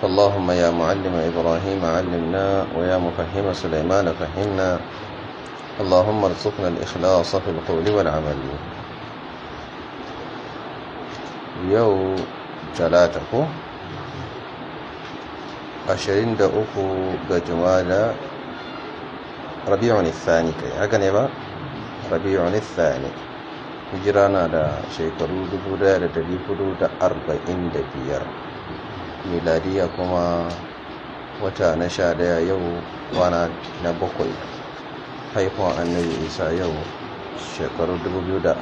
اللهم يا معلم إبراهيم علمنا ويا مفهم سليمان فهمنا اللهم ارزقنا الإخلاص في القول والعمل يو جلاتكو عشرين دعوكو بجمالة ربيع الثاني كي هكذا با ربيع الثاني هجرانا دا شيكرو دبودا دا تليفو أربعين دبيار miladiya kuma wata na sha daya yau kwana na bakwai haifuwan annabi isa yau shekaru 2023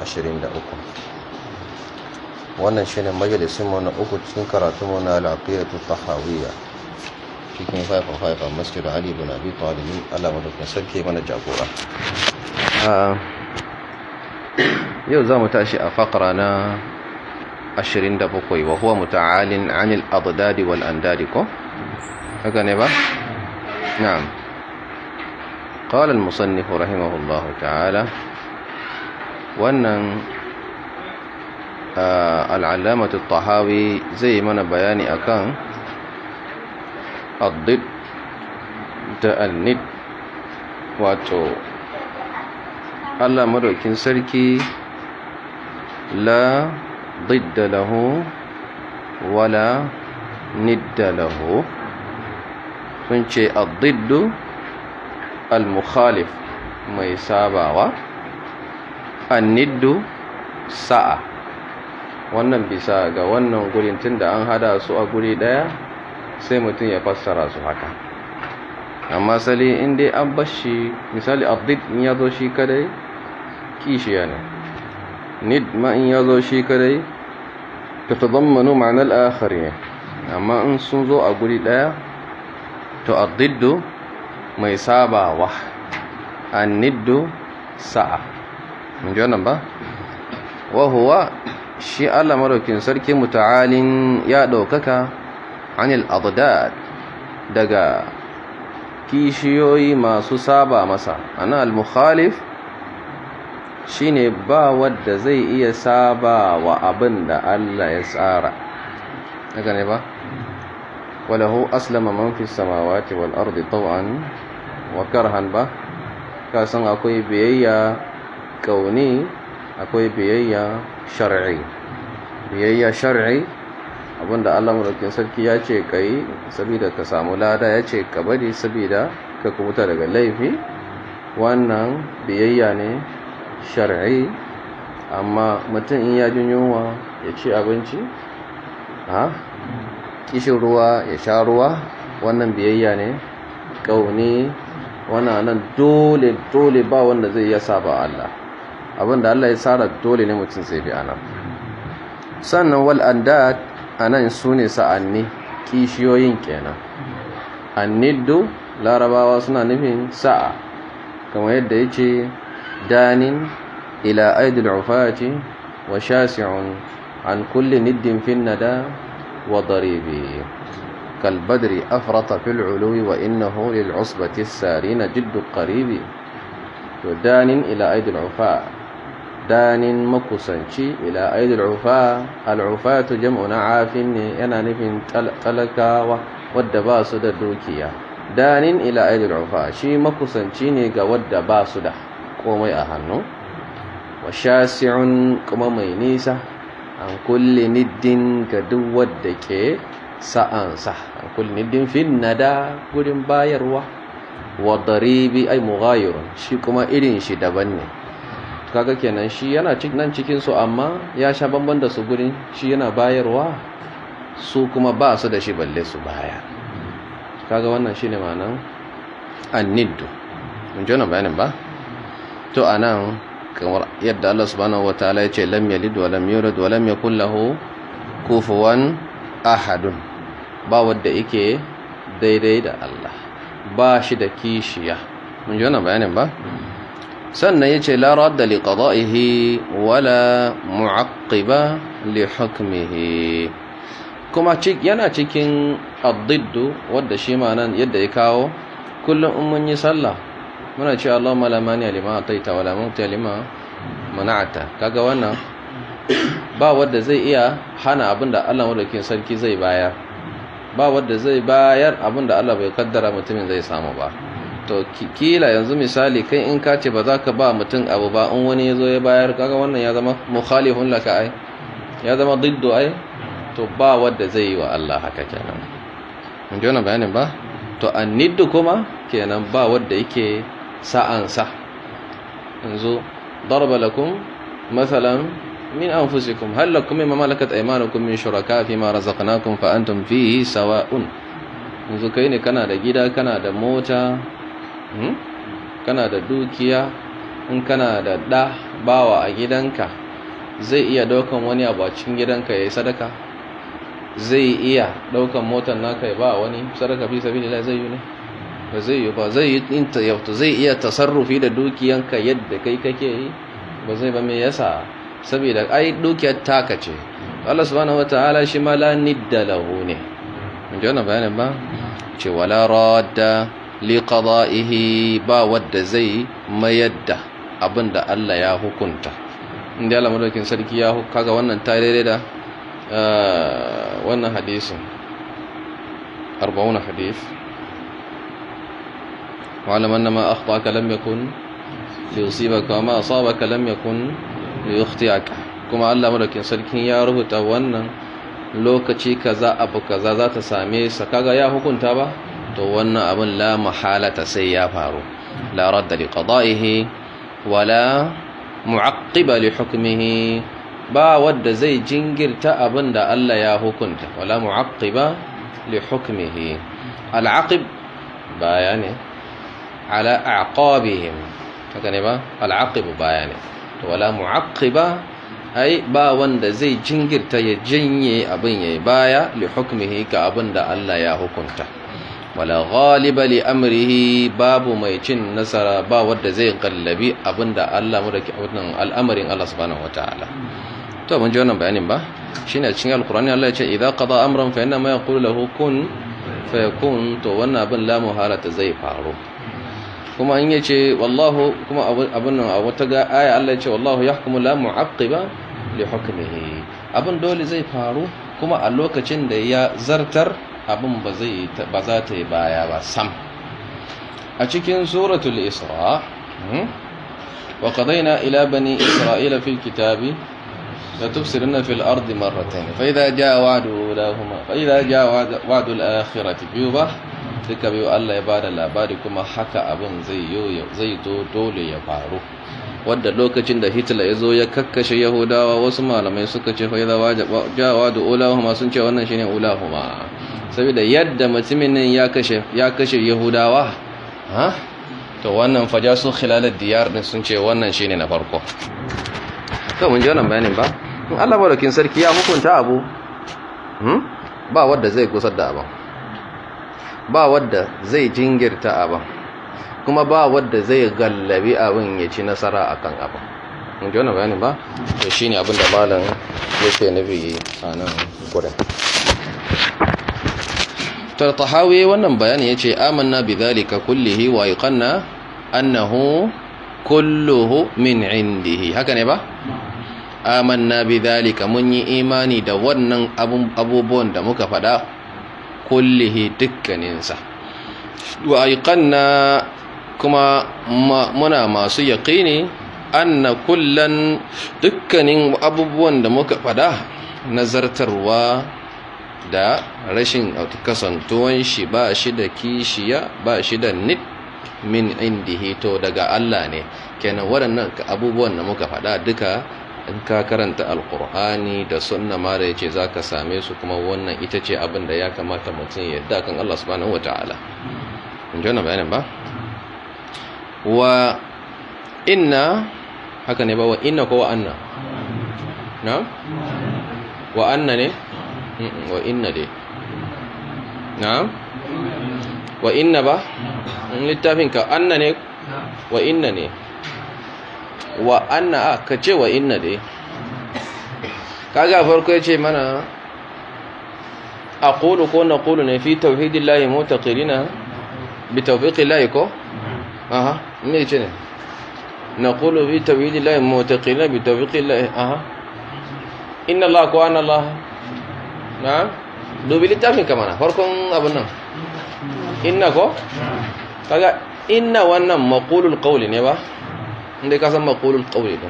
wannan shi ne majalisinmu na uku cikin karatunmu na lafiyar ta hawiya cikin 5-5 a masjid ali bin abi da alamadukin sarki mana jagora ah, yau za mu tashi a fakara na 27 wa huwa muta'alin 'anil adad wal andad ko haka ne ba na'am qala al musannif rahimahullah ta'ala wannan ah, al-allamah tahawi zai mana bayani akan ad da al-nid wato Allah madaukin sarki la ضد له wala ند له sun ce المخالف ما mai sabawa anniddu wannan bisa ga wannan gurin tunda an hada su a guri daya sai mutum ya fassara su haka amma sali in an bashi misali addid in ya zo shi kadai kishiya ne nid ma in ya zo shi kadai ta tazammanu ma'anar akhari amma in sun zo a guri daya to addiddu mai sabawa niddu sa'a mun ji wannan ba wa shi Allah maraukin sarki muta'alin ya ɗaukaka anil adad daga kishiyoyi masu saba masa ana al-mukhalif shine ba wadda zai iya saba wa abin da Allah ya tsara daga ne ba walahu aslama man fi samawati wal ardi taw'an wa karhan ba ka san akwai biyayya kauni akwai biyayya shar'i biyayya shar'i abinda Allah murakin sarki ya ce kai saboda ka samu lada ya ce ka bari saboda ka kubuta daga laifi wannan biyayya ne shar'i amma mutum in ya ji yunwa ya ci abinci ha kishin ruwa ya sha ruwa wannan biyayya ne kauni wannan nan dole dole ba wanda zai iya saba Allah abinda Allah ya tsara dole ne mutum zai bi anan sannan wal andad anan sune sa'anni kishiyoyin kenan anniddu larabawa suna nufin sa'a kamar yadda yake دان إلى أيدي العفاة وشاسع عن كل ند في الندى وضريبي كالبدر أفرط في العلو وإنه للعصبة السارين جد قريب ودان إلى أيدي العفاة دان مكسنشي إلى أيدي العفاة العفاة جمع نعاف أنا نفن تلكا والدباس دوكيا دان إلى أيدي العفاة شي مكسنشي نيغا ودباس ده komai a hannu wa shasi'un kuma mai nisa an kulle niddin ga duk wadda ke sa'ansa an kulle niddin fin nada gudun bayarwa wa daribi ai mughayirun shi kuma irin shi daban ne kaga kenan shi yana nan cikin su amma ya sha bamban da su gudun, shi yana bayarwa su kuma ba su da shi balle su baya kaga wannan shi shine ma'anan niddu mun ji wannan bayanin ba to anan kamar yadda Allah subhanahu wataala ya ce lam yalid wa lam yulad wa lam yakul lahu kufuwan ahadun ba wanda yake daidai da Allah ba shi da kishiya mun ji wannan bayanin ba sannan yace la radda li qada'ihi wala mu'aqqiba li hukmihi kuma yana cikin addiddu wadda shi ma nan yadda ya kawo kullum in mun yi sallah muna ce Allahumma la alima a taita wa la alima mana'ata kaga wannan ba wanda zai iya hana abinda Allah madaukakin sarki zai bayar ba wanda zai bayar abinda Allah bai kaddara mutumin zai samu ba to kila yanzu misali kai in ka ce ba za ka ba mutum abu ba in wani ya zo ya bayar kaga wannan ya zama mukhalifun laka ai ya zama diddu ai to ba wanda zai yi wa Allah haka kenan mun ji wannan bayanin ba to niddu kuma kenan ba wanda yake sa'ansa yanzu darba lakun matsalan min kuma. hal lakum mimma malakat aymanukum min shuraka fi ma razaqnakum fa antum fi sawa'un yanzu kai ne kana da gida kana da mota kana da dukiya in kana da da bawa a gidanka zai iya daukan wani abu a cikin gidanka sadaka zai iya ɗaukan motar naka ya ba wani sadaka fi sabilillah zai yi ne ba zai yi ba zai iya tasarrufi da dukiyanka yadda kai kake yi ba zai ba mai yasa saboda ai dukiyar taka ce Allah subhanahu wataala shi ma la nidda lahu ne mun ji wannan bayanin ba ce wala radda li qada'ihi ba wadda zai mayar da abinda Allah ya hukunta inda Allah madaukin sarki ya kaga wannan ta da eh, wannan hadisin 40 hadisi واعلم أن ما أخطأك لم يكن ليصيبك وما أصابك لم يكن ليخطئك kuma Allah madaukin sarkin ya rubuta wannan lokaci kaza abu kaza za ta same sa kaga ya hukunta ba to wannan abin la mahalata sai ya faru la radda li qada'ihi wala mu'aqqiba li hukmihi ba wanda zai jingirta abin da Allah ya hukunta wala mu'aqqiba li hukmihi al-aqib bayani ala aqabihim haka ne ba al'aqibu bayani to wala mu'aqiba ai ba wanda zai jingirta ya janye abin yayi baya li hukmihi ka abinda da Allah ya hukunta wala ghaliba li amrihi babu mai cin nasara ba wanda zai kallabi abin da Allah wannan al'amarin Allah subhanahu wataala to mun ji wannan bayanin ba shine a cikin alqur'ani Allah ya ce idza qada amran fa inna ma yaqulu lahu kun to wannan abin la muhala zai faru kuma in yace wallahu kuma abun nan a wata ga aya Allah yace wallahu yahkumu la mu'aqqiba li hukmihi abun dole zai faru kuma a lokacin da ya zartar abun ba zai ba za ta yi baya ba sam a cikin suratul isra hmm? wa qadayna ila bani isra'ila fil kitabi la tufsiduna fil ardi marratayn fa idha jaa wa'du lahum fa idha jaa wa'du al-akhirati biwa duka biyu Allah ya bada labari kuma haka abin zai zo dole ya faru wadda lokacin da hitler ya zo ya kakkashe yahudawa wasu malamai suka ce faizawa jawa da ulahuma sun ce wannan shine ulahuma saboda yadda mutumin ya kashe ya kashe yahudawa ha to wannan faja sun khilalar diyar din sun ce wannan shine na farko to mun ji wannan bayanin ba in Allah madaukin sarki ya hukunta abu hmm? ba wadda zai gusar da abin ba wadda zai jingirta abin kuma ba wadda zai gallabi abin ya ci nasara akan abin mun wani bayani ba to ne abin da malam yake nufi a nan wannan bayani yace amanna zalika kullihi wa annahu kulluhu min indihi haka ne ba amanna zalika mun yi imani da wannan abubuwan da muka faɗa kullihi dukkaninsa wa aiqanna kuma muna masu yaƙini anna kullan dukkanin abubuwan da muka fada nazartarwa da rashin kasantuwan shi ba shi da kishiya ba shi da nit min indihi to daga Allah ne kenan waɗannan abubuwan da muka fada duka in ka karanta alkur'ani da sunna mara ya ce za ka same su kuma wannan ita ce abin da ya kamata mutum ya yadda kan Allah subhanahu wa ta'ala in ji wannan ba wa inna haka ne ba wa inna ko wa anna na? wa anna ne? wa inna dai na? wa inna ba? littafin ka anna ne? wa inna ne? wa anna a ah, ka ce wa inna dai kaga farko ya ce mana a kulu ko na kulu ne fi tauhidin layi mota ƙirina bi taufiƙi layi ko? aha ne ce ne na kulu fi tauhidin layi mota ƙirina bi taufiƙi layi aha inna la ko ana la na dubi littafin kamana farkon abin nan inna ko? kaga inna wannan makulul ƙauli ne ba? inda ka san makulun qawli ne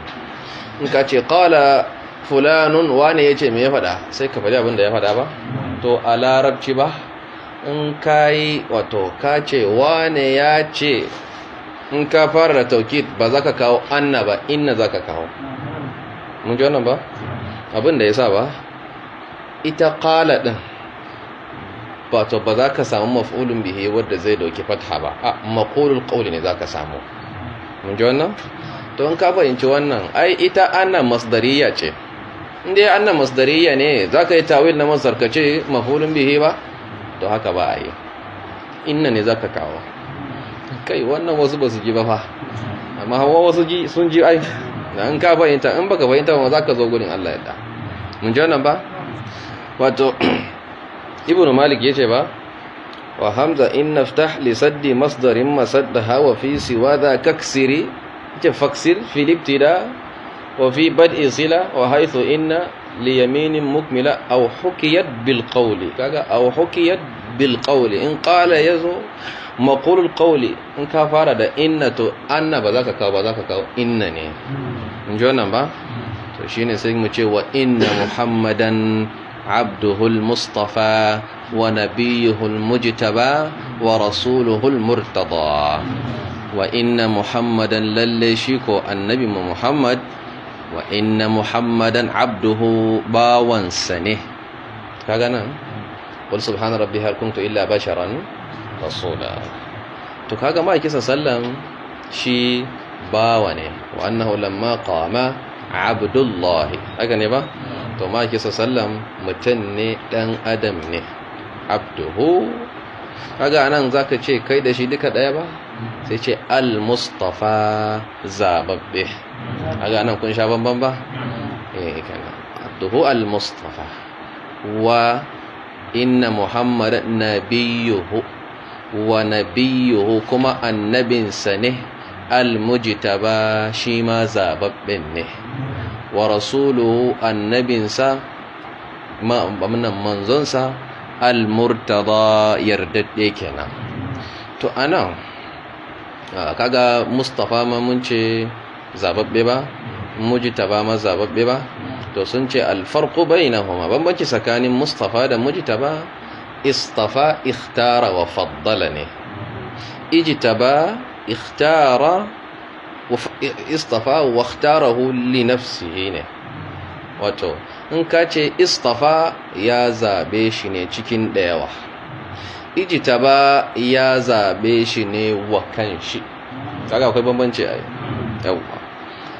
in ka ce ƙala fulanun wane ya ce me ya faɗa sai ka faɗi abin da ya faɗa ba to a larabci ba in yi wato ka ce wane ya ce in ka fara da taukid ba za ka kawo anna ba inna za ka kawo mun ji wannan ba abin da ya sa ba ita kala ɗin ba to ba za ka samu maf'ulun bihi wadda zai dauki fata ba a makulun qawli ne za ka samu mun ji wannan don ka fahimci wannan ai ita annan masdariya ce inda annan masdariya ne za ka yi tawil na masdar ce mafulun bihe ba to haka ba a yi inna ne za ka kawo kai wannan wasu ba su ji ba fa amma hawa wasu ji sun ji ai da an ka fahimta in baka fahimta ba za ka zo gurin Allah ya da mun ji wannan ba wato ibnu malik ce ba wa hamza in naftah li saddi masdarin masaddaha wa fi siwa dha kaksiri فاكسل في الابتداء وفي بدء صلة وحيث إن ليمين مكملة أو حكيت بالقول أو حكيت بالقول إن قال يزو مقول القول إن كفر دا إن تو أن بذاك كاو بذاك كاو إنني نجونا با to shine sai mu ce wa inna muhammadan abduhul mustafa wa inna muhammadan lalle shi ko annabi mu muhammad wa inna muhammadan abduhu bawansa ne ka gana wani subhana rabbi hal kuntu illa basharan rasula to kaga ma kisa sallan shi bawa ne wa annahu lamma qama abdullahi haka ne ba to ma kisa sallan mutum ne dan adam ne abduhu kaga anan zaka ce kai da shi duka daya ba sai ce al-mustafa zababbe a ga nan kun sha bambam ba? eh kana duhu al-mustafa wa inna muhammad nabiyuhu wa nabiyuhu kuma annabinsa ne al-mujtaba shi ma zababben ne wa rasuluhu annabinsa ma'amman manzonsa al-murtada yardadde kenan to anan Ah, kaga Mustapha ma mun ce zababbe ba mujtaba ma zababbe ba to sun ce alfarqu bainahuma bambanci tsakanin Mustapha da mujtaba istafa ikhtara wa faddala ne ijtaba ikhtara istafa wa ikhtarahu li nafsihi ne wato in ka ce istafa ya zabe shi ne cikin dayawa ijita ba ya zaɓe shi ne wa kanshi kaga akwai bambanci a yauwa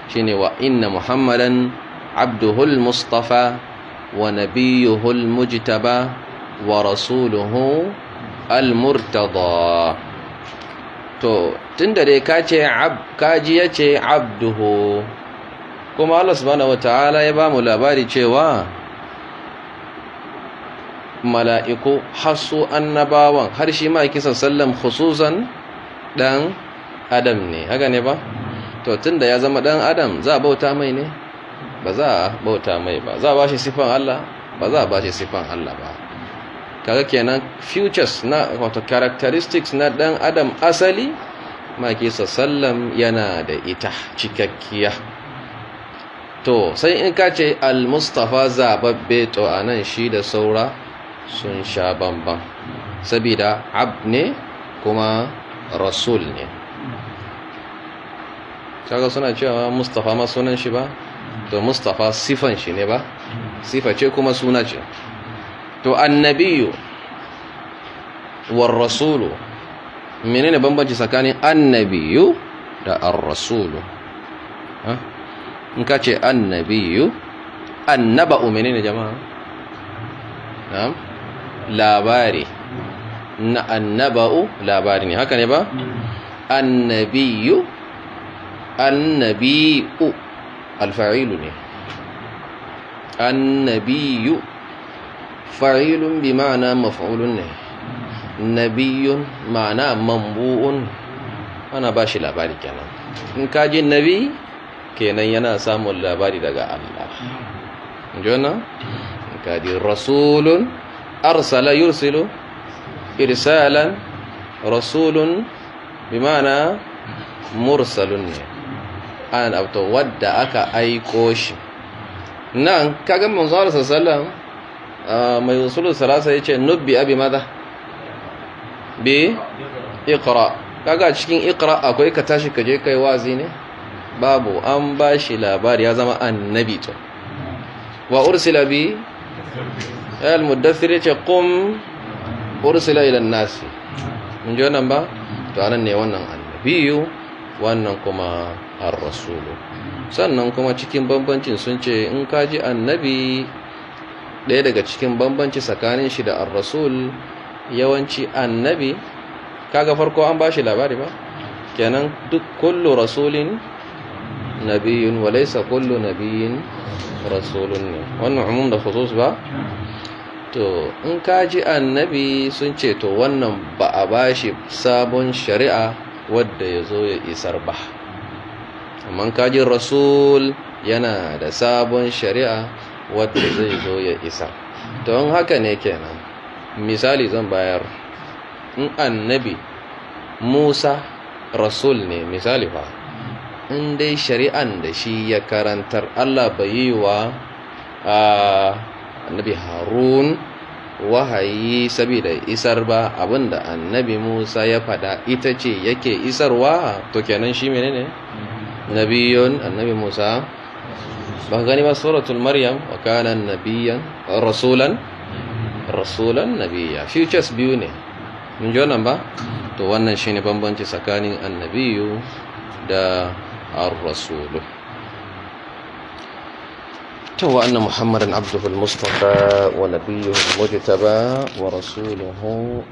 shi ne wa inna muhammadan abduhul mustafa wa nabiyuhul mujtaba wa rasuluhu al-murtada to tun da dai kace kaji yace abduhu kuma Allah subhanahu wataala ya ba mu labari cewa mala'iku har su annabawan har shi ma kisan sallam khususan ɗan adam ne haka ne ba to tunda ya zama ɗan adam za a bauta mai ne ba za a bauta mai ba za a ba shi siffan Allah ba za a ba shi siffan Allah ba kaga kenan futures na wato characteristics na ɗan adam asali makisa sallam yana da ita cikakkiya to sai in ka ce al-mustafa zababbe to anan shi da saura sun sha bambam saboda ab ne kuma rasul ne kaga suna cewa mustafa ma sunan shi ba to mustafa sifan shi ne ba sifa ce kuma suna ce to annabiyu war rasulu menene bambanci tsakanin annabiyu da ar-rasulu in ka ce annabiyu annaba'u menene jama'a na'am labari na annaba'u labari ne haka ne ba annabiyu annabi'u alfa'ilu ne annabiyu fa'ilun bi ma'ana maf'ulun ne nabiyun ma'ana mambu'un ana ba shi labari kenan in ka ji nabi kenan yana samun labari daga Allah jona in ka ji rasulun arsala yursilu irsalan rasulun bimana mursalun ne an abto wadda aka aiko shi nan kaga manzo Allah sallallahu mai rasulun usulul ya ce nubbi abi madha bi iqra kaga cikin ikra akwai ka tashi kaje kai wazi ne babu an ba shi labari ya zama annabi to wa ursila bi al-muddathir yace qum ursila ila an-nas mun ji wannan ba to anan ne wannan annabiyu wannan kuma ar-rasulu sannan kuma cikin bambancin sun ce in ka ji annabi ɗaya daga cikin bambanci tsakanin shi da ar-rasul yawanci annabi kaga farko an bashi labari ba kenan duk kullu rasulin nabiyun walaysa kullu nabiyin rasulun ne wannan umum da khusus ba to in ka ji annabi sun ce to wannan ba a ba shi sabon shari'a wadda ya zo ya isar ba amma ka ji rasul yana da sabon shari'a wadda zai zo ya isar don haka ne kenan misali zan bayar in annabi musa rasul ne misali ba in dai shari'an da shi ya karantar allah bayiwa a ah, annabi harun wahayi saboda isar ba abinda annabi Musa ya fada ita ce yake isarwa to kenan shi menene mhm. nabiyon annabi Musa ba gani ba suratul maryam wa kana nabiyan rasulan rasulan nabiyya futures biyu ne mun ji wannan ba to wannan shine bambanci tsakanin annabiyu da ar-rasulu تو أن محمدا عبده المصطفى ونبيه المجتبى ورسوله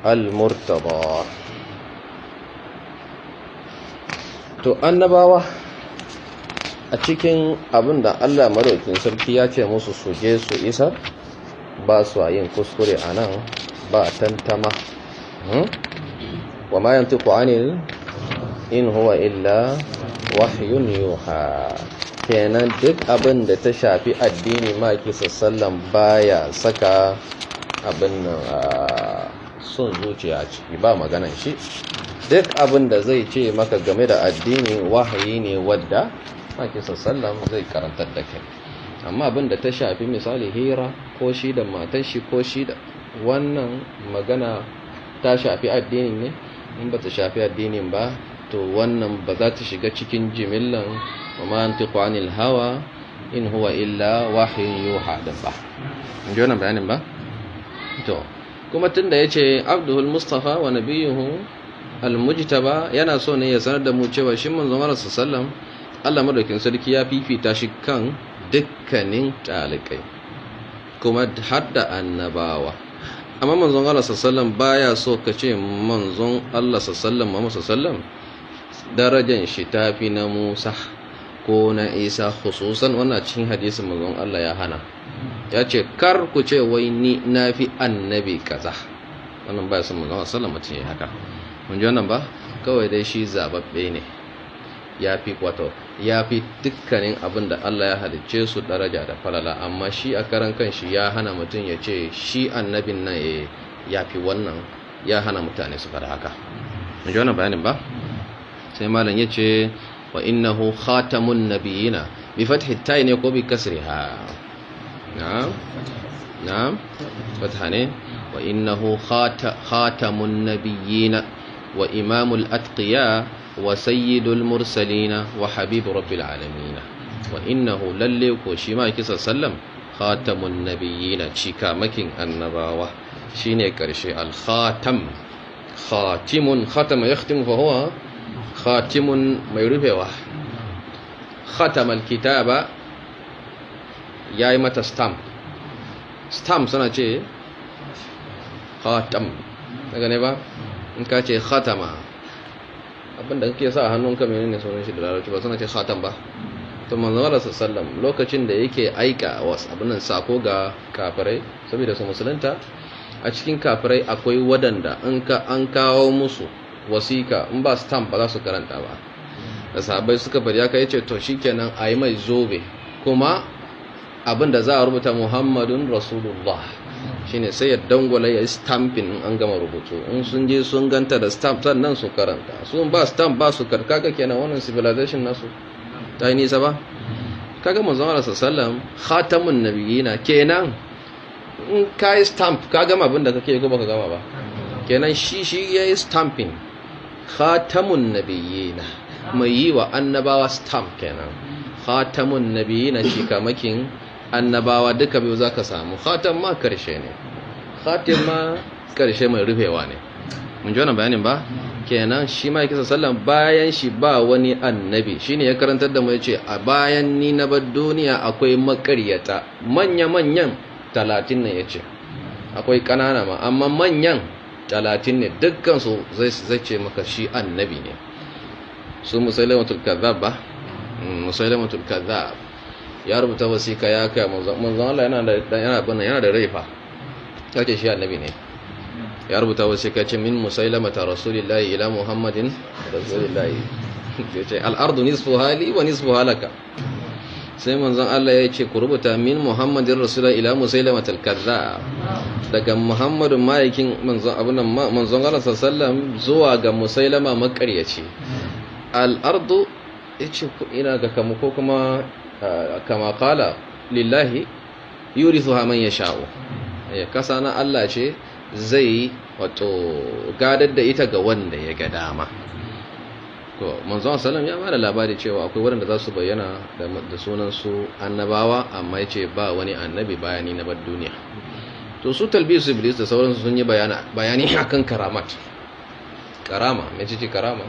المرتضى to annabawa a cikin abin da Allah maraukin sarki ya ce musu su je su isa ba su yin kuskure a nan ba tantama wa ma yantiqu in huwa illa wahyun kenan duk abin da ta shafi addini maki sassallan baya saka abin sun zuciya ciki ba maganan shi duk abin da zai ce maka game da addini wahayi ne wadda maki sassallan zai karantar da kai amma abin da ta shafi misali hira ko shi da matan shi ko shi da wannan magana ta shafi addini ne in ba ta shafi addinin ba to wannan ba za ta shiga cikin jimillan ma antiqu anil hawa in huwa illa wahayin yuha da ba ji wannan bayanin ba to kuma tunda ce abdul Mustapha wa almujita ba yana so ne ya sanar da mu cewa mun zama rasu sallam Allah madaukin sarki ya fifita shi kan dukkanin talikai kuma hadda annabawa amma manzon Allah sallallahu baya so ka ce manzon Allah sallallahu Muhammad sallallahu darajan shi ta fi na Musa ko na Isa hususan wannan cikin hadisin manzon Allah ya hana ya ce kar ku ce wai ni na fi annabi kaza wannan ba sun manzon sallama ce haka mun ji wannan ba kawai dai shi zababbe ne ya fi kwato ya fi dukkanin abin da Allah ya halicce su daraja da falala amma shi a karan kanshi ya hana mutum ya ce shi annabin nan eh, ya fi wannan ya hana mutane su fara haka mun wannan bayanin ba sai malam ya ce wa innahu khatamun nabiyina bi fathi ta ne ko bi kasri ha na'am na'am fatha ne wa innahu khatamun nabiyina wa imamul atqiya wa sayyidul mursalina wa habibu rabbil alamin wa innahu lalle ko shi ma kisa sallam khatamun nabiyina cikamakin annabawa shine karshe al khatam khatimun khatama yahtimu fa huwa khatimun mai rufewa khatamal kitaba ya yi mata stamp stamp suna ce khatam daga ne ba in ka ce khatama abinda kake sa a hannunka mai ne sauran shi da larabci ba suna ce khatam ba to manzon Allah sallallahu lokacin da yake aika wasu abinan sako ga kafirai saboda su musulunta a cikin kafirai akwai wadanda an ka an kawo musu wasika in ba stamp ba za su karanta ba da sahabbai suka bari aka yace to shikenan ayi mai zobe kuma abin da za a rubuta Muhammadun Rasulullah shine sai ya dangwala ya stamping an gama rubutu in sun je sun ganta da stamp sannan su karanta sun ba stamp ba su karkaga kenan wannan civilization nasu ta yi nisa ba kaga manzon Allah sallam khatamun nabiyina kenan in kai stamp ka gama abin da yi ko baka gama ba kenan shi shi yayi stamping khatamun nabiyina mai yi wa annabawa stamp kenan khatamun nabiyina kamakin annabawa duka biyu ka samu khatam ma karshe ne khatam ma karshe mai rufewa ne mun ji wani bayanin ba kenan shi ma kisa sallan bayan shi ba wani annabi Shi ne ya karantar da mu yace a bayan ni na bar duniya akwai makaryata manya manyan 30 ya yace akwai kanana ma amma manyan talatin ne dukkansu zai ce maka shi annabi ne su musulmatul kazzab ba mm, musulmatul kazzab ya rubuta wasika ya kai manzon Allah yana da yana bana yana da raifa kace shi annabi ne ya rubuta wasika ce min musailamata rasulillahi ila muhammadin rasulillahi ce al ardu nisfu hali wa nisfu halaka sai manzon Allah ya ce ku rubuta min muhammadin rasulullah ila musailama talkaza daga muhammadun ma'aikin manzon abunan manzon Allah sallam zuwa ga musailama makaryaci al'ardu ya ce ina ga kamu ko kuma kama kala lillahi yuri su ya sha'o ya eh, kasa na Allah ce zai wato gadar da ita ga wanda ya ga dama to manzon sallam ya bada labari cewa akwai waɗanda za su bayyana da sunan su annabawa amma yace ba wani annabi bayani na bar duniya to su talbisu iblis da sauransu sun yi bayani akan karamat karama me ce karama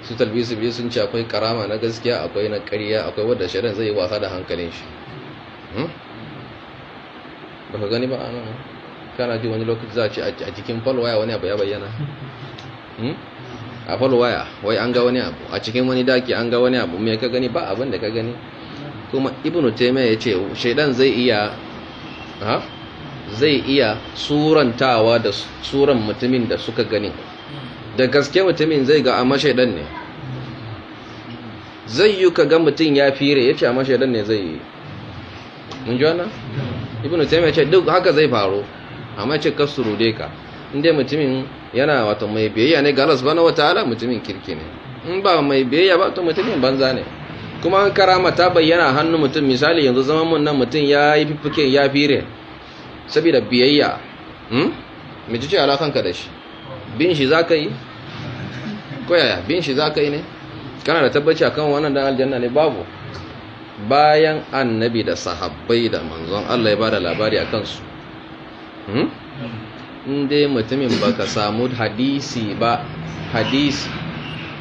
su talbisu iblis sun ce akwai karama na gaskiya akwai na ƙarya akwai wanda shaidan zai yi wasa da hankalin shi hmm? ba ka gani ba ana kana ji wani lokaci za a ce a cikin falwaya wani abu ya bayyana hmm? kafar waya wai an ga wani abu a cikin wani daki an ga wani abu mai ka gani ba abin da ka gani kuma ibnu taimiyya ya ce shaidan zai iya ha zai iya surantawa da suran mutumin da suka gani da gaske mutumin zai ga amma shaidan ne zai yi ka ga mutum ya fire ya ce amma shaidan ne zai yi mun ji wannan ibnu ya ce duk haka zai faru amma ce kasuru dai ka inda mutumin yana wato mai biyayya ne ga Allah subhanahu wataala mutumin kirki ne in ba mai biyayya ba to mutumin banza ne kuma an karama ta bayyana hannu mutum misali yanzu zaman mun nan mutum ya yi fiffiken ya fire saboda biyayya hmm me ce alakanka da shi bin shi bin shi za ne kana da tabbaci akan wannan dan aljanna ne babu bayan annabi da sahabbai da manzon Allah ya bada da labari a kansu hmm? inda dai mutumin baka samu hadisi ba hadisi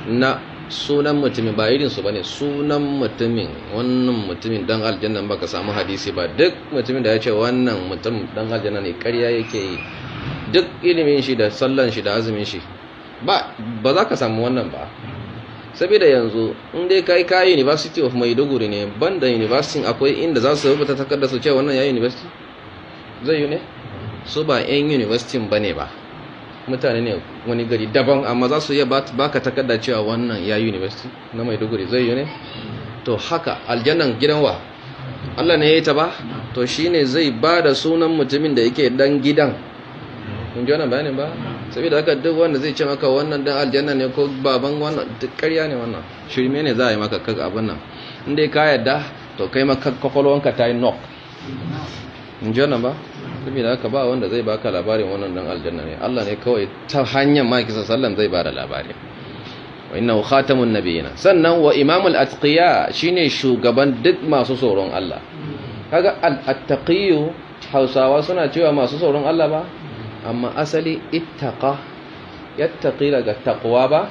na sunan mutumin ba irin su bane sunan mutumin wannan mutumin dan aljanna baka samu hadisi ba duk mutumin da ya ce wannan mutum dan aljanna ne ƙarya yake yi duk ilimin shi da sallan shi da azumin shi ba ba za ka samu wannan ba saboda yanzu inda ka kai ka university of maiduguri ne banda university akwai inda za su rubuta takardar su ce wannan ya university zai yi ne su ba 'yan universitin ba ne ba mutane ne wani gari daban amma za su iya baka takarda cewa wannan ya yunivasiti? na maiduguri zai yi ne to haka aljannan gidan wa allah ne ya yi ta ba to shi ne zai ba da sunan mutumin da yake dan gidan kun ji wannan bayanin ba da haka duk wanda zai ce maka wannan dan aljanna ne ko baban wannan duk karya ne wannan shirme ne za a yi maka kaka abin nan in dai ka yarda to kai maka kwakwalwanka ta yi nok in ji ba saboda haka ba wanda zai baka labarin wannan dan aljanna ne Allah ne kawai ta hanyar maki sallan zai bada labari wa innahu khatamun nabiyina sannan wa imamul atqiya shine shugaban duk masu tsoron Allah kaga al-attaqiyu Hausawa suna cewa masu tsoron Allah ba amma asali ittaqa yattaqi daga taqwa ba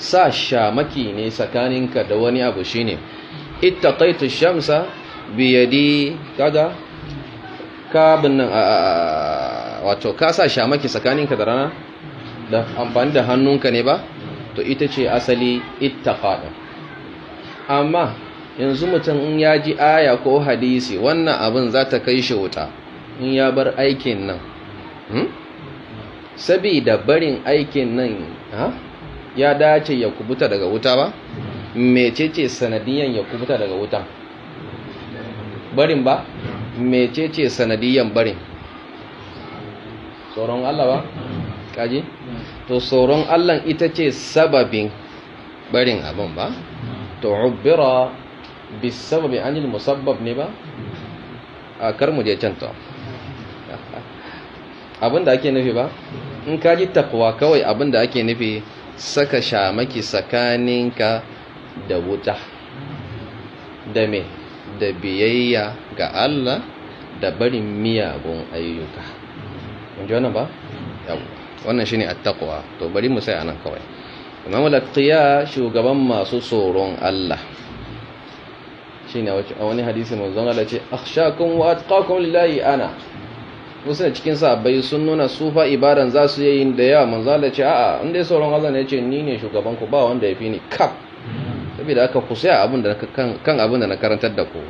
sa shamaki ne tsakaninka da wani abu shine ittaqaitu shamsa biyadi kaga ka binnan a wato ka sa shamaki tsakaninka da rana da amfani da hannunka ne ba to ita ce asali ittaqada amma yanzu mutum in ya ji aya ko hadisi wannan abin za ta kai shi wuta in ya bar aikin nan hmm? sabida barin aikin nan ya dace ya kubuta daga wuta ba mecece sanadiyan ya kubuta daga wuta barin ba mecece sanadiyan barin tsoron Allah ba kaji to tsoron Allah ita ce sababin barin abin ba to ubbira bi sababi anil musabbab ne ba a kar mu je can to abin da ake nufi ba in kaji takwa kawai abin da ake nufi saka shamaki tsakaninka da wuta da me da biyayya ga Allah da barin miyagun ayyuka ji wani ba wannan shine attaqwa to bari mu sai anan kawai imam al shugaban masu tsoron Allah a wani hadisi manzon Allah ce kun wa atqakum lillahi ana wasu da cikin sabai sun nuna sufa ibadan za su yi da yawa manzon ce a'a inda tsoron Allah ne ce ni ne shugaban ku ba wanda ya fi ni kaf saboda aka ku sai abin da kan abin da na karantar da ku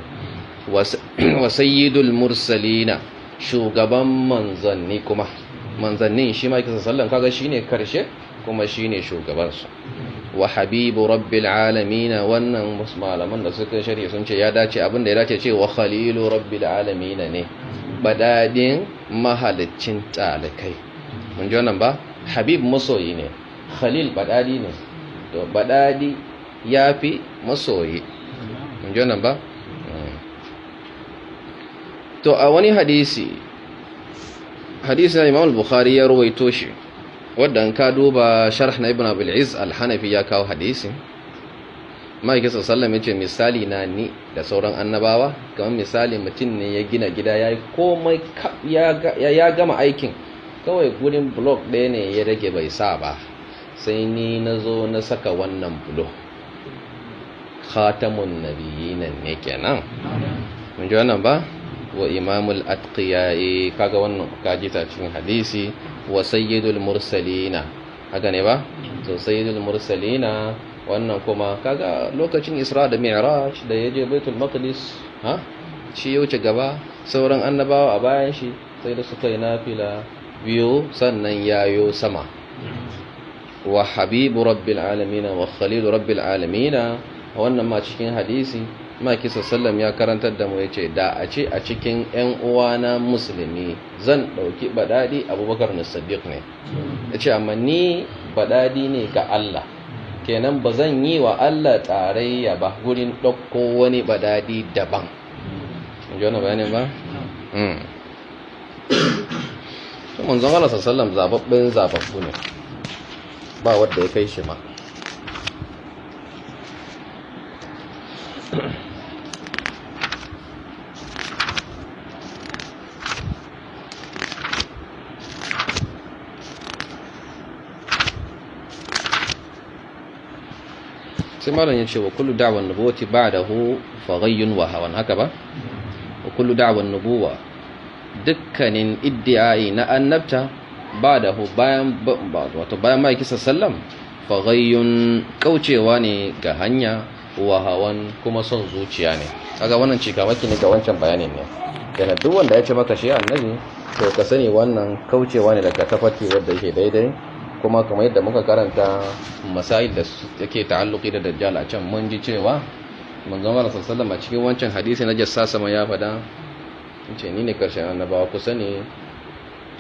wa sayyidul mursalina shugaban manzanni kuma manzannin shi ma kisa sallan kaga shine karshe kuma shine shugaban su wa habibu rabbil alamin wannan malaman da suka shari sun ce ya dace abin da ya dace ce wa khalilu rabbil alamin ne badadin mahaliccin talakai mun ji wannan ba habib masoyi ne khalil badadi ne to badadi ya fi masoyi inji ba mm. to a wani hadisi hadisi na imam bukhari ya ruwaito shi wadda ka duba sharh na ibn abul al-hanafi ya kawo hadisi ma'aikin sassallam ya ce misali na ni da sauran annabawa kamar misali mutum ne ya gina gida ya yi komai ya gama aikin kawai gurin blok ɗaya ne ya rage bai sa ba sai ni na zo na saka wannan blok khatamun nabiyina ne kenan mun ji wannan ba wa imamul atqiyai kaga wannan kaji ta cikin hadisi wa sayyidul mursalina haka ne ba to sayyidul mursalina wannan kuma kaga lokacin Isra da Mi'raj da yaje Baitul Maqdis ha shi ya wuce gaba sauran annabawa a bayan shi sai da suka yi nafila biyu sannan yayo sama wa habibu rabbil alamin wa khalilu rabbil alamin wannan ma cikin hadisi maki sallam ya karantar da mu ya ce da a ce a cikin 'yan uwana musulmi zan ɗauki baɗaɗi abubakar na sadiq ne ya ce amma ni baɗaɗi ne ga Allah kenan ba zan yi wa Allah tarayya ba gurin ɗauko wani baɗaɗi daban jona bayanin ba? Hmm. manzon Allah sallam zababben zababbu ne ba wadda ya kai shi ma sai malon ya ce wa kullu da'wan nubuwati ba'dahu faghayyun wa hawan haka ba wa kullu da'awar nubuwa dukkanin iddiyayi na annabta hu bayan wato bayan mai kisa sallam fagayyun kaucewa ne ga hanya wahawan kuma son zuciya ne kaga wannan cikamaki ne ga wancan bayanin ne yana duk wanda ya ce maka shi annabi to ka sani wannan kaucewa ne daga tafarki wanda yake daidai kuma kamar yadda muka karanta masail da yake ta'alluki da dajjal a can mun ji cewa manzon Allah sallallahu alaihi cikin wancan hadisi na jassasa sama ya fada ce ni ne karshen annabawa ku sani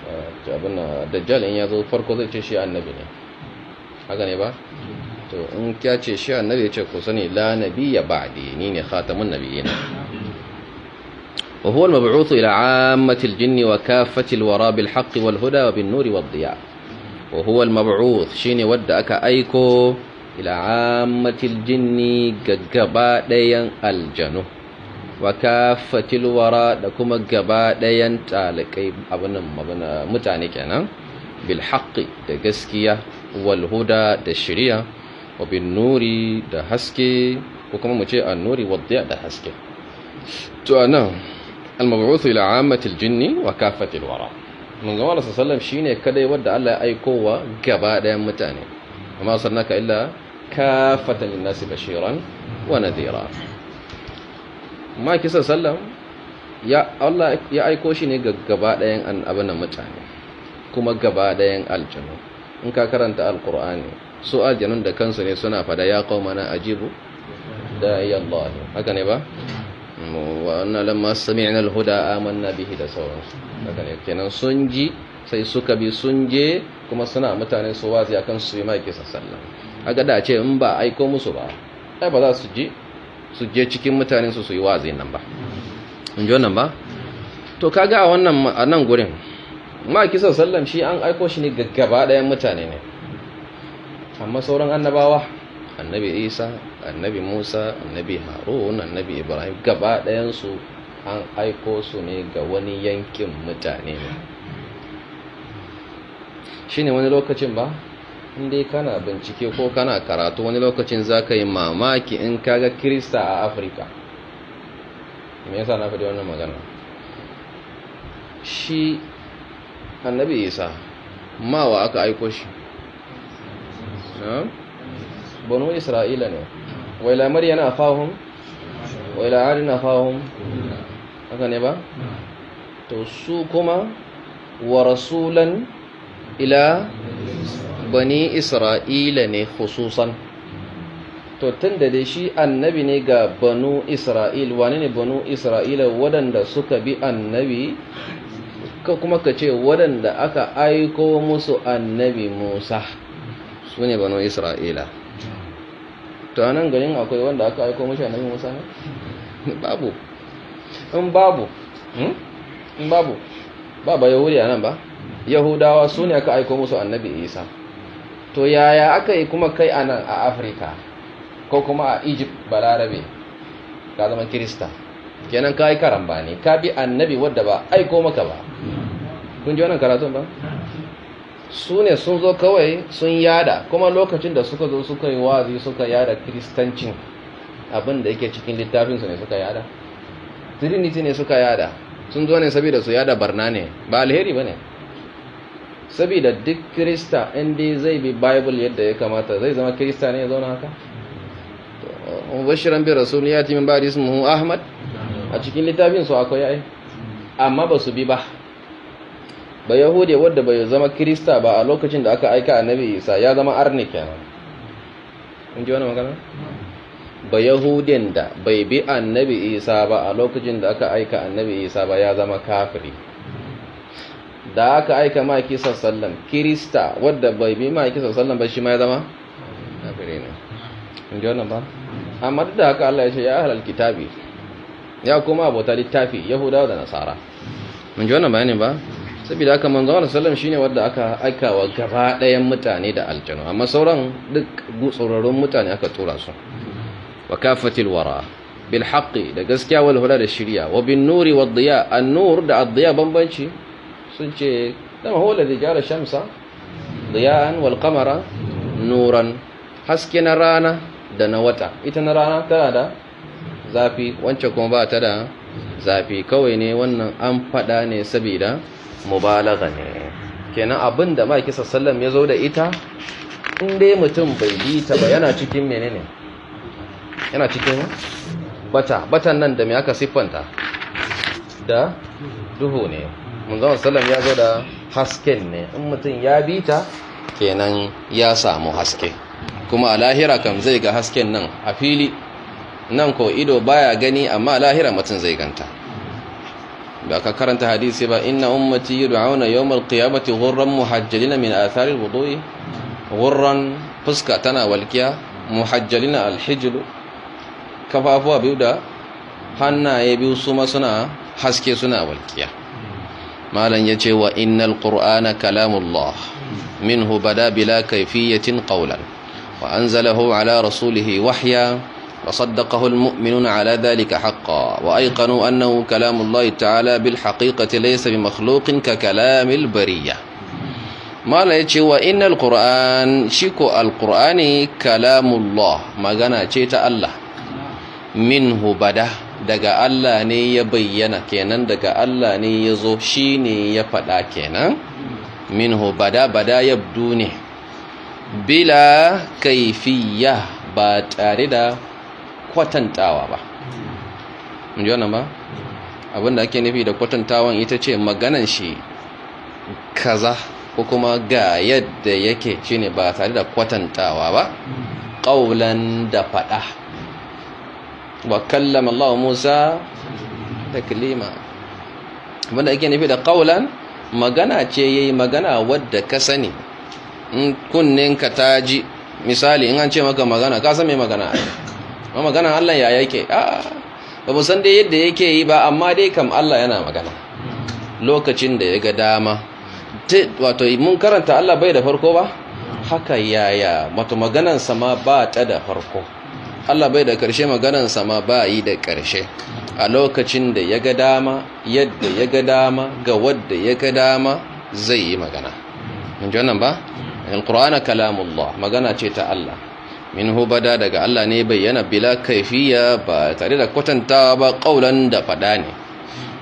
eh, abin dajjal in ya zo farko zai ce shi annabi ne haka ne ba to in kya ce shi annabi ya ce ku sani la nabiyya ba'di ni ne khatamun nabiyina wa huwa al-mab'uth ila 'ammati al-jinni wa kaffati al-wara bil haqq wal huda wa bin nuri wad diya wa huwa al-mab'uth shine wadda aka aiko ila 'ammati al-jinni gaggaba dayan aljanu wa kaffati al-wara da kuma gaba dayan talakai abunan mutane kenan bil da gaskiya wal huda da shari'a wa nuri da haske ko kuma mu ce annuri wadda da haske to anan al-mab'uth ila ammatil jinni wa kaffatil wara manzo Allah sallallahu shine kadai wanda Allah ya aiko wa gaba ɗayan mutane amma sannaka illa kafatan lin bashiran wa nadhira ma kisa sallam ya Allah ya aiko shi ne ga gaba ɗayan annabawan mutane kuma gaba ɗayan aljanu in ka karanta alqur'ani su aljanun da kansu ne suna fada ya qaumana ajibu da ya Allah haka ne ba wa anna lamma sami'na al-huda amanna bihi da sauransu haka ne kenan sun ji sai suka bi sun je kuma suna mutane su wazi akan su yi maki sallah haka da ce in ba aiko musu ba ai ba za su ji su je cikin mutane su su yi wazi nan ba in ji wannan ba to kaga a wannan a nan gurin maki sallam shi an aiko shi ne gaggaba ɗayan mutane ne amma sauran annabawa annabi isa annabi musa annabi harun annabi ibrahim gaba ɗayansu an aiko su ne ga wani yankin mutane ne shi ne wani lokacin ba inda kana bincike ko kana karatu wani lokacin za ka yi mamaki in kaga kirista a afirka me yasa na fi wannan magana shi annabi isa mawa aka aiko shi banu isra'ila ne wa ila maryana afahum wa ila afahum haka ne ba to su kuma wa rasulan ila bani isra'ila ne khususan to tun da dai shi annabi ne ga banu isra'il wane ne banu isra'ila waɗanda suka bi annabi ka kuma ka ce waɗanda aka aiko musu annabi musa su ne banu isra'ila to nan garin akwai wanda aka aiko mashi annabi musa ne babu in babu hmm? in babu ba ba yahudi nan ba yahudawa su ne aka aiko musu annabi isa to yaya aka yi kuma kai a nan a afirka ko kuma a egypt balarabe ka zama kirista kenan ka yi karamba ne ka bi annabi wadda ba aiko maka ba kun ji wannan karatun ba su ne sun zo kawai sun yada kuma lokacin da suka zo suka yi wazi suka yada kristancin abinda yake cikin littafinsu ne suka yada trinity ne suka yada sun zo ne saboda su yada barna ne ba alheri ba ne saboda duk kirista inda zai bi bible yadda ya kamata zai zama kirista ne ya zauna haka bashiran bi rasul ya timin ba ahmad a cikin littafinsu akwai ai amma ba su bi ba ba yahude wadda bai zama kirista ba a lokacin da aka aika annabi isa ya zama Arnik ya kun ji wani magana ba yahudin da bai bi annabi isa ba a lokacin da aka aika annabi isa ba ya zama kafiri da aka aika maki sallam kirista wadda bai bi maki sallam ba shi ma ya zama kafiri ne kun ji wannan ba amma duk da haka Allah ya ce ya halal kitabi ya kuma abota littafi yahudawa da nasara mun ji wannan bayanin ba saboda haka manzo Allah sallam shine wanda aka aikawa gaba ɗayan mutane da aljanu amma sauran duk gutsurarrun mutane aka tura su wa kafatil wara bil haqqi da gaskiya wal huda da shirya wa bin nuri wad diya an nur da ad diya bambanci sun ce dama huwa da jara shamsa Diyan wal qamara nuran haske na rana da na wata ita na rana tana da zafi wancan kuma ba ta da zafi kawai ne wannan an fada ne saboda mubalaga ne kenan abin da maki sallam ya zo da ita in dai mutum bai bi ta ba yana cikin menene yana cikin bata batan nan da me aka siffanta da duhu ne zama sallam ya zo da hasken ne in mutum ya bi ta kenan ya samu haske kuma a lahira kam zai ga hasken nan a fili nan ko ido baya gani amma lahira mutum zai ganta da ka karanta hadisi ba inna ummati yud'auna yawmal qiyamati ghurran muhajjalina min athari alwudu'i ghurran fuska tana walkiya muhajjalina alhijl kafafuwa biyu da hannaye biyu su ma suna haske suna walkiya malan yace wa innal qur'ana kalamullah minhu bada bila kayfiyatin qawlan wa anzalahu ala rasulihi wahya وصدقه المؤمنون على ذلك حقا وأيقنوا أنه كلام الله تعالى بالحقيقة ليس بمخلوق ككلام البرية ما لا يتشوى إن القرآن شكو القرآن كلام الله ما قنا تشيت الله منه بده daga Allah ne ya bayyana kenan daga Allah ne ya zo shi ne ya faɗa kenan minhu bada bada yabdu ne bila kaifiya ba tare da kwatantawa ba mun ji wannan ba abinda ake nufi da kwatantawan ita ce maganan shi kaza ko kuma ga yadda yake shine ba tare da kwatantawa ba qaulan da fada wa kallama Allah Musa taklima abinda ake nufi da qaulan magana ce yayi magana wadda ka sani in kunninka ta ji misali in an ce maka magana ka san me magana ba magana Allah ya yake a ba mu san dai yadda yake yi ba amma dai kam Allah yana magana lokacin da ya ga dama wato mun karanta Allah bai da farko ba haka yaya wato maganansa ma ba ta da farko Allah bai da ƙarshe maganansa ma ba yi da ƙarshe a lokacin da ya ga dama yadda ya ga dama ga wadda ya ga dama zai yi magana in ji wannan ba alqur'ana kalamullah magana ce ta Allah minhu bada daga Allah ne bayyana bila kaifiya ba tare da kwatanta ba ƙaulan da faɗa ne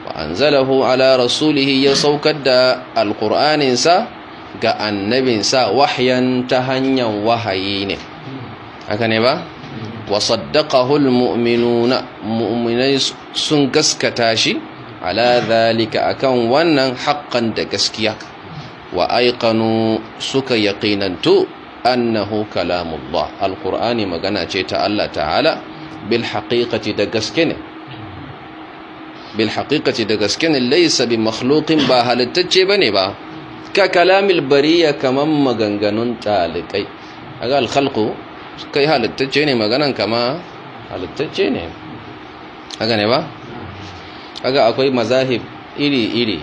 wa anzalahu ala rasulihi ya saukar da alƙur'aninsa ga annabinsa wahyan ta hanyar wahayi ne haka ne ba wa saddaqahu almu'minuna mu'minai sun gaskata shi ala zalika akan wannan haqqan da gaskiya wa aiqanu suka yaqinantu annahu kalamullah alqur'ani magana ce ta Allah ta'ala bil haqiqati da gaske ne bil haqiqati da gaske ne laysa bi makhluqin ba halittacce bane ba ka kalamil bariya kaman maganganun talikai aga al khalqu kai halittacce ne maganan kama halittacce ne aga ne ba aga akwai mazahib iri-iri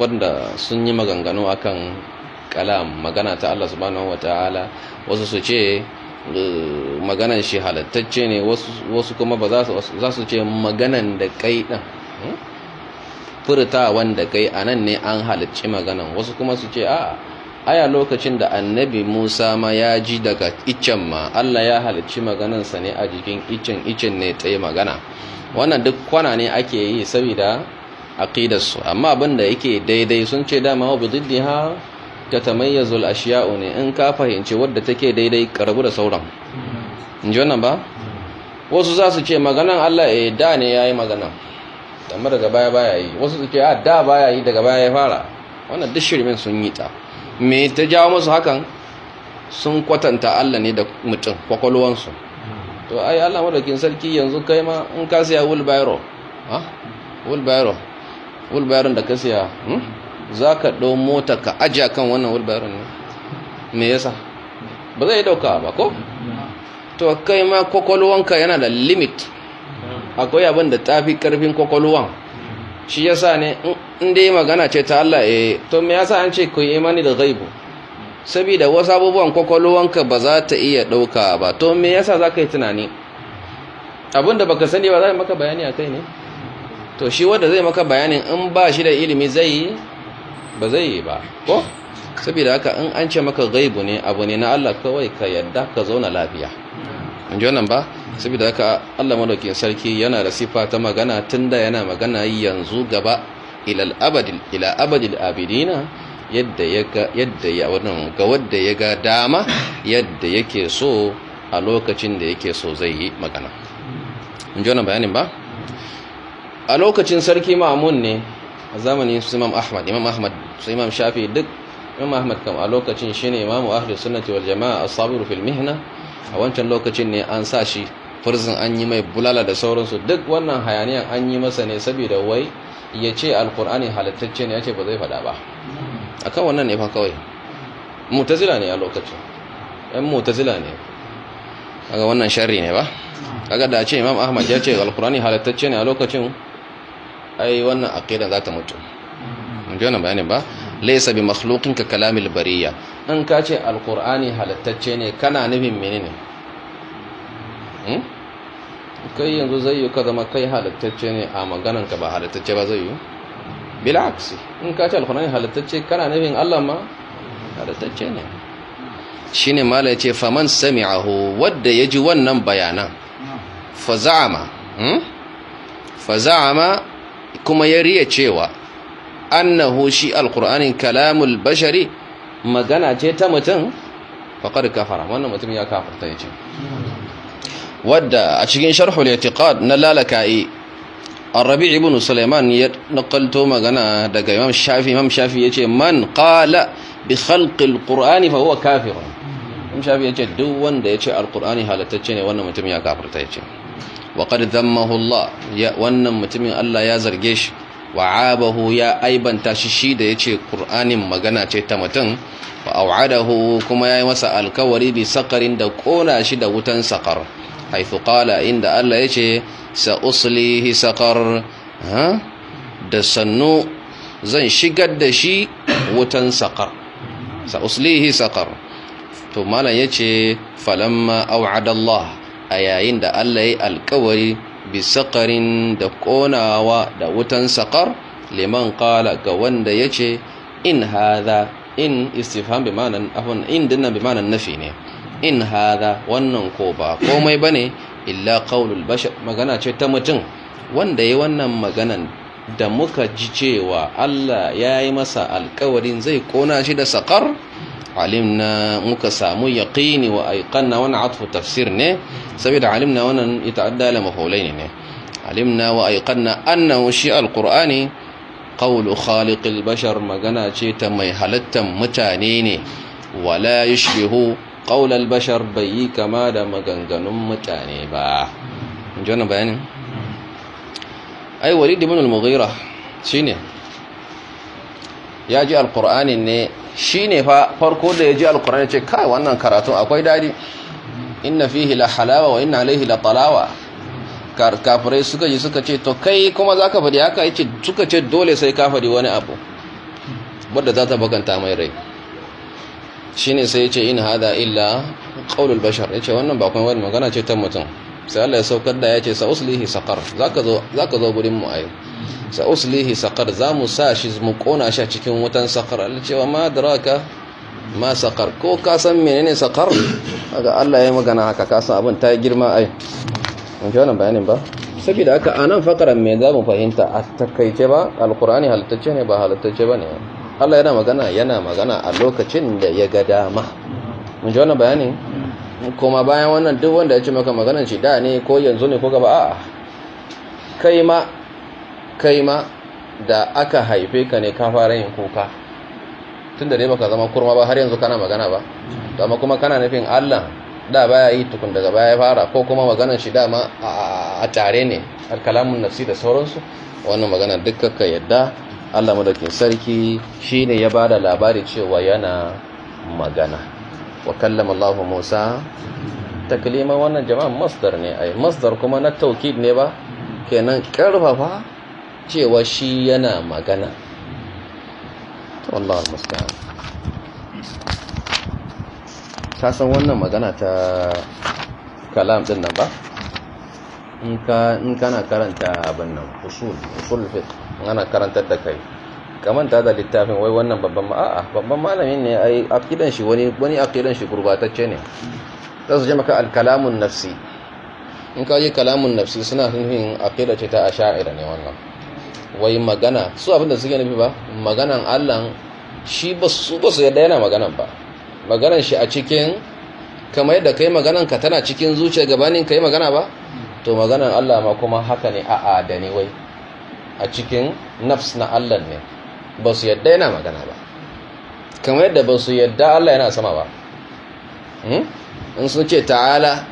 wanda sun yi maganganu akan kalam magana ta Allah subhanahu wataala wasu su ce eh, maganan shi halattacce ne wasu kuma ba za su ce maganan da kai din hmm? furtawan da kai a nan ne an halacci maganan wasu kuma su ce a aya lokacin da annabi Musa ma ya ji daga iccen ma Allah ya halicci maganansa ne a jikin iccen iccen ne ta yi magana wannan duk kwana ne ake yi saboda aqidarsu amma abinda yake daidai sun ce dama wa bididdiha tatamayyazu al ashiya'u ne in ka fahimci wadda take daidai karabu da sauran in ji wannan ba wasu za su ce maganan Allah eh da ne yayi maganan amma daga baya baya yi wasu su ce a ah, da baya yi daga baya ya fara wannan duk shirmin sun yi ta me ta jawo musu hakan sun kwatanta Allah ne da mutum su. to ai Allah madaukin sarki yanzu kai ma in ka siya wheelbarrow ha ah, wheelbarrow wheelbarrow da ka siya hmm? za ka ɗau mota ka ajiya kan wannan wheelbarrow ne me yasa ba zai ɗauka ba ko to kai ma kwakwalwanka yana da limit akwai abin da fi ƙarfin kwakwalwan shi yasa ne in dai magana ce ta Allah eh to me yasa an ce ku yi imani da ghaibu saboda wasu abubuwan kwakwalwanka ba za ta iya ɗauka ba to me yasa za ka yi tunani abin da baka sani ba za maka bayani a kai ne to shi wanda zai maka bayanin in ba shi da ilimi zai yi ba zai yi ba ko saboda haka in an ce maka gaibu ne abu ne na Allah kawai ka yadda ka zauna lafiya in ji wannan ba saboda haka Allah madaukin sarki yana da sifa ta magana tunda yana magana yanzu gaba ilal abadil ila abadil abidina yadda ya ga yadda ya wannan ga wanda ya ga dama yadda yake so a lokacin da yake so zai yi magana in ji wannan bayanin ba a lokacin sarki mamun ne a zamanin su imam ahmad imam ahmad su imam shafi duk imam ahmad kam a lokacin shine imamu ahlus sunnati wal jama'a as-sabir fil mihna a wancan lokacin ne an sa shi furzin an yi mai bulala da sauransu duk wannan hayaniyan an yi masa ne saboda wai ya ce alkur'ani halittacce ne ya ce ba zai faɗa ba akan wannan ne fa kawai mutazila ne a lokacin ɗan mutazila ne kaga wannan sharri ne ba kaga da ce imam ahmad ya ce alkur'ani halittacce ne a lokacin ai wannan aqidan za ta mutu mun ji wannan bayanin ba laysa bi makhluqin ka kalamil bariya An ka ce alqur'ani halattacce ne kana nufin menene hmm kai yanzu zai yi ka zama kai halattacce ne a maganan ka ba halattacce ba zai yi bilaksi in ka ce alqur'ani halattacce kana nufin Allah ma halattacce ne shine mala ya ce faman sami'ahu wadda ya ji wannan bayanan Fa faza'ama hmm? faza'ama kuma ya riya cewa annahu shi alqur'anin kalamul bashari magana ce ta mutum faqad kafara wannan mutum ya kafarta yace wadda a cikin sharhul i'tiqad na lalaka'i الربيع بن سليمان نقلته magana دغ امام الشافعي امام الشافعي yace man qala bi khalq alquran fa huwa kafir imam shafi yace duk wanda yace alqurani halatacce ne wannan mutum ya kafirta yace wa qad dhammahu wannan mutumin Allah ya zarge shi wa abahu ya aibanta shi shi da yace Qur'anin magana ce ta mutum wa au'adahu kuma yayi masa alkawari bi saqarin da kona shi da wutan saqar haythu qala inda Allah yace sa uslihi saqar ha da sannu zan shigar da shi wutan saqar sa uslihi saqar to malan yace falamma au'ada Allah a yayin da Allah ya yi alkawari bisakarin da ƙonawa da wutan sakar liman kala ga wanda ya ce in haza in istifham bi mana afwan in dinnan bi nafi ne in haza wannan ko ba komai bane illa qaulul bashar magana ce ta mutum wanda yayi wannan maganan da muka ji cewa Allah ya yi masa alkawarin zai kona shi da saƙar? alimna muka samu yaqini wa aiqanna wannan atfu tafsir ne saboda alimna wannan yata'adda la mafulaini ne alimna wa aiqanna annahu shi alqur'ani qawlu khaliqil bashar magana ce ta mai halattan mutane ne wala yushbihu qawlal bashar bai kama da maganganun mutane ba inji wannan ai walid ibn al-mughira shine ya ji alqur'ani ne shi ne fa farko da ya ji alkur'ani ce kai wannan karatun akwai daɗi inna fihi la halawa wa inna alaihi la talawa kafirai suka ji suka ce to kai kuma za ka faɗi haka yace suka ce dole sai ka faɗi wani abu wadda za ta baganta mai rai shi ne sai ya ce in hada illa ƙaunar bashar ya ce wannan bakon wani magana ce ta mutum sai Allah ya saukar da ya ce sa'uslihi saqar zaka zo zaka zo gurin mu ayi sa'uslihi saqar zamu sa shi mu kona shi cikin wutan saqar Allah cewa ma daraka ma saqar ko ka san menene saqar kaga Allah ya magana haka ka san abin ta girma ai mun ji wannan bayanin ba saboda haka anan fakaran me zamu fahimta a takaice ba alqur'ani halittacce ne ba halittacce bane Allah yana magana yana magana a lokacin da ya ga dama mun ji wannan bayanin kuma bayan wannan duk wanda ya ce maka maganan shi da ne ko yanzu ne ko gaba a kai ma kai ma da aka haife ka ne ka fara yin kuka tun da dai baka zama kurma ba har yanzu kana magana ba amma kuma kana nufin Allah da baya yi tukun daga baya ya fara ko kuma maganar shi dama a tare ne kalamun nafsi da sauransu wannan magana dukkan ka yadda Allah madaukin sarki shine ya bada labari cewa yana magana wa kallama Allah Musa taklima wannan jama'an masdar ne ai masdar kuma na taukid ne ba kenan karfafa cewa shi yana magana to Allah musta'an ka san wannan magana ta kalam din nan ba in ka in kana karanta abin nan usul usul fi ana karantar da kai manta da littafin wai wannan babban a'a babban malamin ne ai akidan shi wani wani akidan shi gurbatacce ne za su je maka alkalamun nafsi in ka je kalamun nafsi suna nufin akida ce ta asha'ira ne wannan wai magana su abin da suke nufi ba maganan Allah shi ba su ba su yadda yana maganan ba maganan shi a cikin kamar yadda kai maganan ka tana cikin zuciya gabanin kai magana ba to maganan Allah ma kuma haka ne a adane wai a cikin nafs na Allah ne ba su yadda yana magana ba kamar yadda ba su yadda Allah yana sama ba hmm? in sun ce ta'ala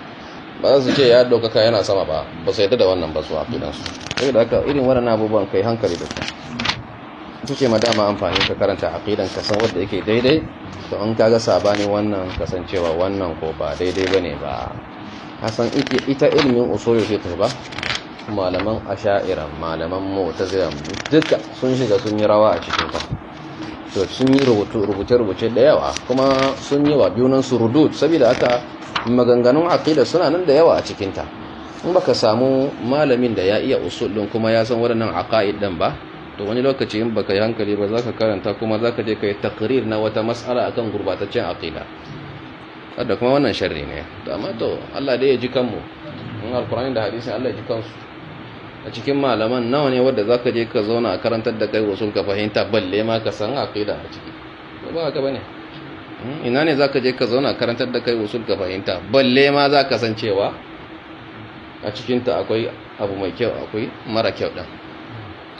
ba su ce ya ɗaukaka yana sama ba ba su yadda da wannan ba su a fidansu sai da aka irin wannan abubuwan kai hankali da su ita ce madama amfani ka karanta aqidan ka san wanda yake daidai to an kaga sabani wannan kasancewa wannan ko ba daidai bane ba hasan ita ilmin usul fiqh ba malaman asha'ira malaman mu'tazilan duka sun shiga sun yi rawa a cikin ta to sun yi rubuce-rubuce da yawa kuma sun yi wa biyunan su rudud saboda haka maganganun aqida suna nan da yawa a cikin ta in baka samu malamin da ya iya usulun kuma ya san waɗannan aqaid din ba to wani lokaci in baka yi hankali ba zaka karanta kuma zaka je kai takrir na wata mas'ala akan gurbataccen aqida kada kuma wannan sharri ne to amma to Allah dai ya ji kanmu in alqur'ani da hadisi Allah ya ji kansu a cikin malaman nawa ne wadda za ka je ka zauna a karantar da kai wasu ka fahimta balle ma ka san da a ciki ba haka ba ne hmm, ina ne za ka je ka zauna a karantar da kai wasu ka fahimta balle ma za ka san cewa a cikinta akwai abu mai kyau akwai mara kyau ɗan,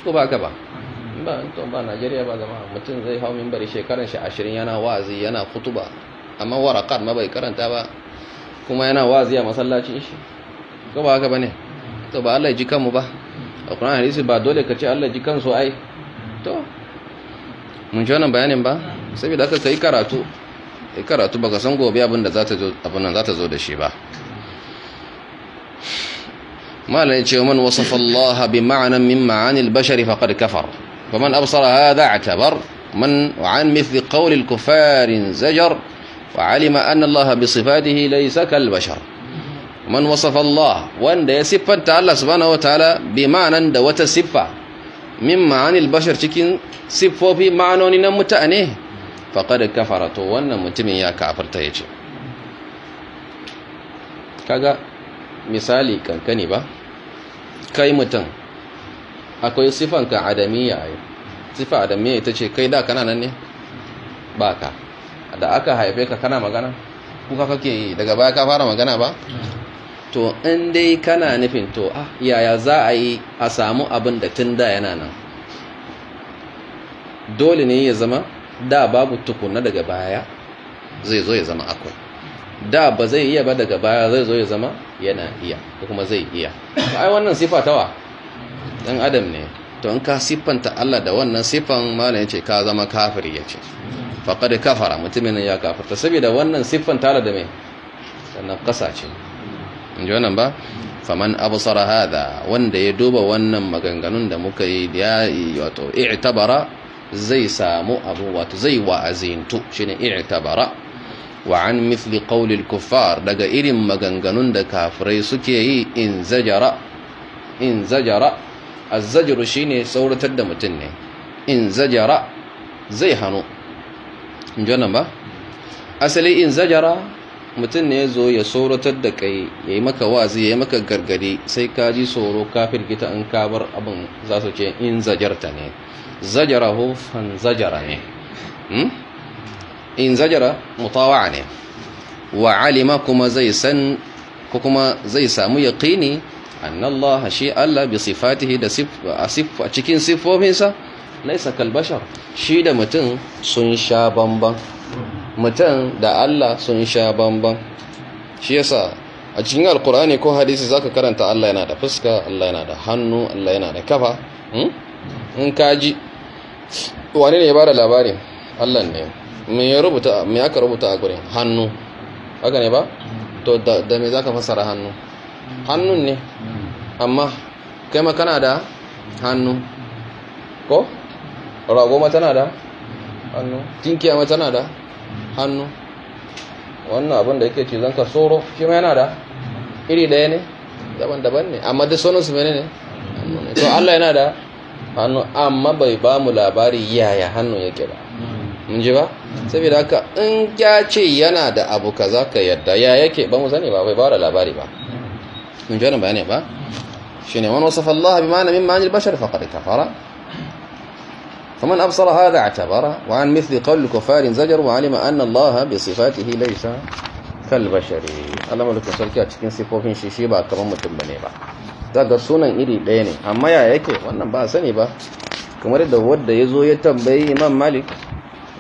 ko ba haka ba hmm, ba to ba najeriya ba zama mutum zai hau mimbari shekaran shi ashirin yana wa'azi yana kutuba amma warakat ma bai karanta ba kuma yana wa'azi a masallacin shi ko ba haka ba ne to ba Allah ya ji kanmu ba a ƙuran hadisi ba dole ka ce Allah ji kansu ai to mun ji wannan bayanin ba saboda aka kai karatu kai karatu baka san gobe abin da za ta zo abin nan za ta zo da shi ba malan ce man wasafa Allah bi ma'anan min ma'anil bashar faqad kafar faman absara hadha i'tabar man an mithli qawli al-kuffar zajar وعلم أن الله بصفاته ليس كالبشر man wasafa Allah wanda ya siffanta Allah subhanahu wataala bi ma'anan da wata siffa min ma'anil bashar cikin siffofi ma'anoni na mutane faqad kafara to wannan mutumin ya kafirta yace kaga misali kankani ba kai mutum akwai siffanka adamiyya siffa adamiyya ita ce kai da kana nan ne baka da aka haife ka kana magana kuka kake daga baya ka fara magana ba to in dai kana nufin to ah yaya za a yi a samu abin da tun da yana nan dole ne ya zama da babu tukuna daga baya zai zo ya zama akwai da ba zai iya ba daga baya zai zo ya zama yana iya ko kuma zai iya ai wannan sifa tawa dan adam ne to in ka siffanta Allah da wannan siffan mana yace ka zama kafiri yace faqad kafara mutumin ya kafarta. saboda wannan siffan tare da mai sannan kasace ce inji wannan ba faman absara hada wanda ya duba wannan maganganun da muka yi ya wato i'tabara zai samu abu wato zai wa'azintu shine i'tabara wa an mithli qawli al-kuffar daga irin maganganun da kafirai suke yi in zajara in zajara az-zajru shine sauratar da mutun ne in zajara zai hannu. in ji wannan ba asali in zajara mutum ne ya zo ya tsoratar da kai ya yi maka wazi ya yi maka gargadi sai ka ji tsoro kafin gita in ka bar abin za su ce in zajarta ne zajara hufan zajara ne hmm? in zajara mutawa ne wa alima kuma zai san ko kuma zai samu yaƙini annallaha shi Allah bi sifatihi da a cikin siffofinsa laisa kalbashar shi da mutum sun sha bamban mutum da Allah sun sha bamban shi yasa a cikin alkur'ani ko hadisi zaka karanta Allah yana da fuska Allah yana da hannu Allah yana da kafa hmm? in kaji wani ne ba da labarin Allah ne mai ya rubuta mai aka rubuta a gurin hannu haka ne ba to da me zaka fasara hannu hannun ne amma kai ma kana da hannu ko rago ma tana da hannu kinkiya tana da hannu wannan abin da yake cizon ka tsoro shi ma yana da iri daya ne daban-daban ne amma da sonin su ne to Allah yana da hannu amma bai ba mu labari yaya hannu yake ba mun ji ba saboda haka in ya ce yana da abu kaza ka yadda ya yake ba mu sani ba bai ba da labari ba mun ji wannan bayani ba shine wani wasafa Allah bi ma'ana min anil bashar faqad kafara فمن أبصر هذا اعتبره وعن مثل قول كفار زجر وعلم أن الله بصفاته ليس kalbashari Allah mulkin sarki a cikin sifofin shi shi ba kaman mutum bane ba daga sunan iri ɗaya ne amma ya yake wannan ba a sani ba kamar da ya zo ya tambayi Imam Malik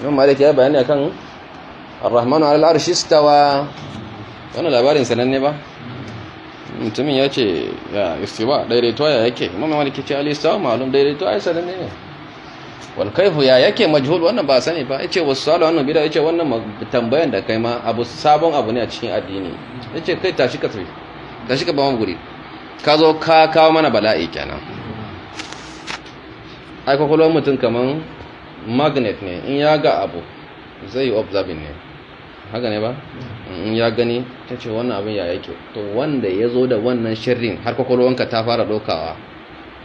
Imam Malik ya bayani akan Ar-Rahmanu 'ala al-'arshi istawa labarin sanan ne ba mutumin ya ce ya istiwa daidaito ya yake Imam Malik ya ce al-istawa ma'lum daidaito ai sanan ne wal kaifu ya yake majhul wannan ba sani ba yace wassala wannan bid'a yace wannan tambayan da kai ma abu sabon abu ne a cikin addini yace kai tashi ka tafi tashi ka ba mu guri ka zo ka kawo mana bala'i kenan ai kullum mutum kaman magnet ne in ya ga abu zai yi observing ne haka ne ba in ya gani tace ce wannan abin ya yake to wanda ya zo da wannan shirin har ka ta fara dokawa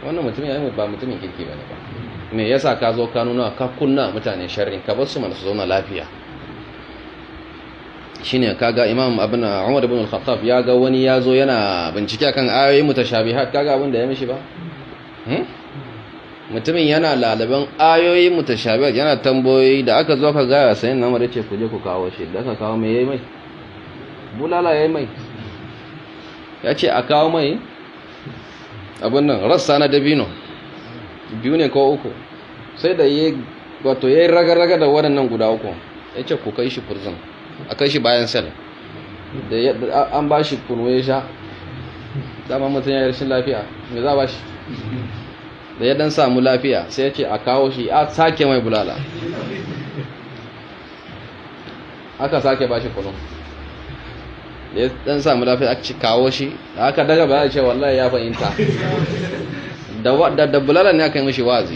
wannan mutum ya yi ba mutumin kirki ba ne ba me yasa ka zo ka nuna ka kunna mutane sharri ka bar su mana su zauna lafiya shine kaga imam abin Umar ibn al-Khattab ya ga wani ya zo yana bincike akan ayoyi mutashabihat kaga abin da ya mishi ba hmm? mutumin yana lalaban ayoyi mutashabihat yana tamboyi da aka zo ka gaya sai na mare ce ku je ku kawo shi da aka kawo ya yayi mai bulala yayi mai ya ce a kawo mai abin nan rassa na dabino biyu ne ko uku sai da ya wato ya yi raga-raga da waɗannan guda uku ya ce ku kai shi furzin a kai shi bayan sel da an ba shi kunu sha dama mutum ya yi rashin lafiya mai za ba shi da ya dan samu lafiya sai ya ce a kawo shi a sake mai bulala aka sake ba shi kunu da ya dan samu lafiya a ci kawo shi Da aka daga bayan ce wallahi ya fahimta da da bulalan ne aka yi mishi wazi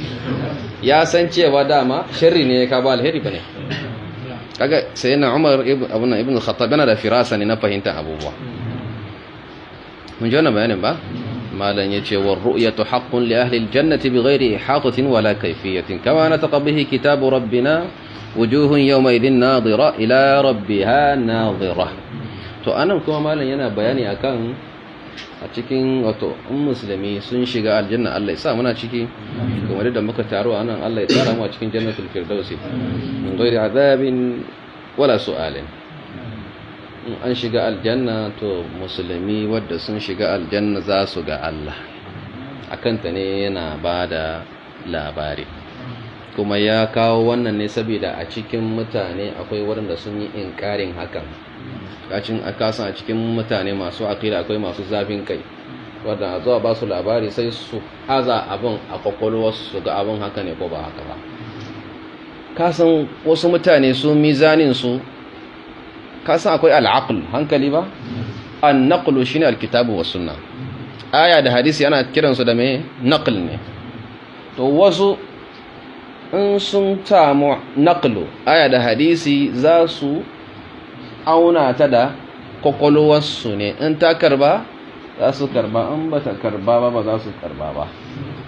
ya san cewa dama sharri ne ya ka ba alheri bane kaga sai na umar ibn Abu Na ibn khattab yana da firasa ne na fahimtar abubuwa mun ji wannan bayanin ba malan yace war ru'yatu haqqun li ahli aljannati bighairi ihatatin wala kayfiyatin kama nataqa bihi kitabu rabbina wujuhun yawma idhin nadira ila rabbiha nadira to anan kuma malan yana bayani akan a cikin wato in musulmi sun shiga aljanna Allah ya sa muna ciki kamar da muka taro anan Allah ya tsara mu a cikin jannatul firdausi min ghairi azabin wala su'alin in an shiga aljanna to musulmi wadda sun shiga aljanna za su ga Allah akan ta ne yana bada labari kuma ya kawo wannan ne saboda a cikin mutane akwai waɗanda sun yi inkarin hakan kacin a kasan a cikin mutane masu akida akwai masu zafin kai waɗanda zuwa ba su labari sai su haza abin a kwakwalwarsu ga abin haka ne ko ba haka ba kasan wasu mutane su su kasan akwai al'aql hankali ba an naqlu shine alkitabu was sunna aya da hadisi ana kiransu da me naql ne to wasu in sun samu naƙlo aya da hadisi za su auna ta da kwakwalwarsu ne in ta karba za su karba in ba ta karba ba za su karba ba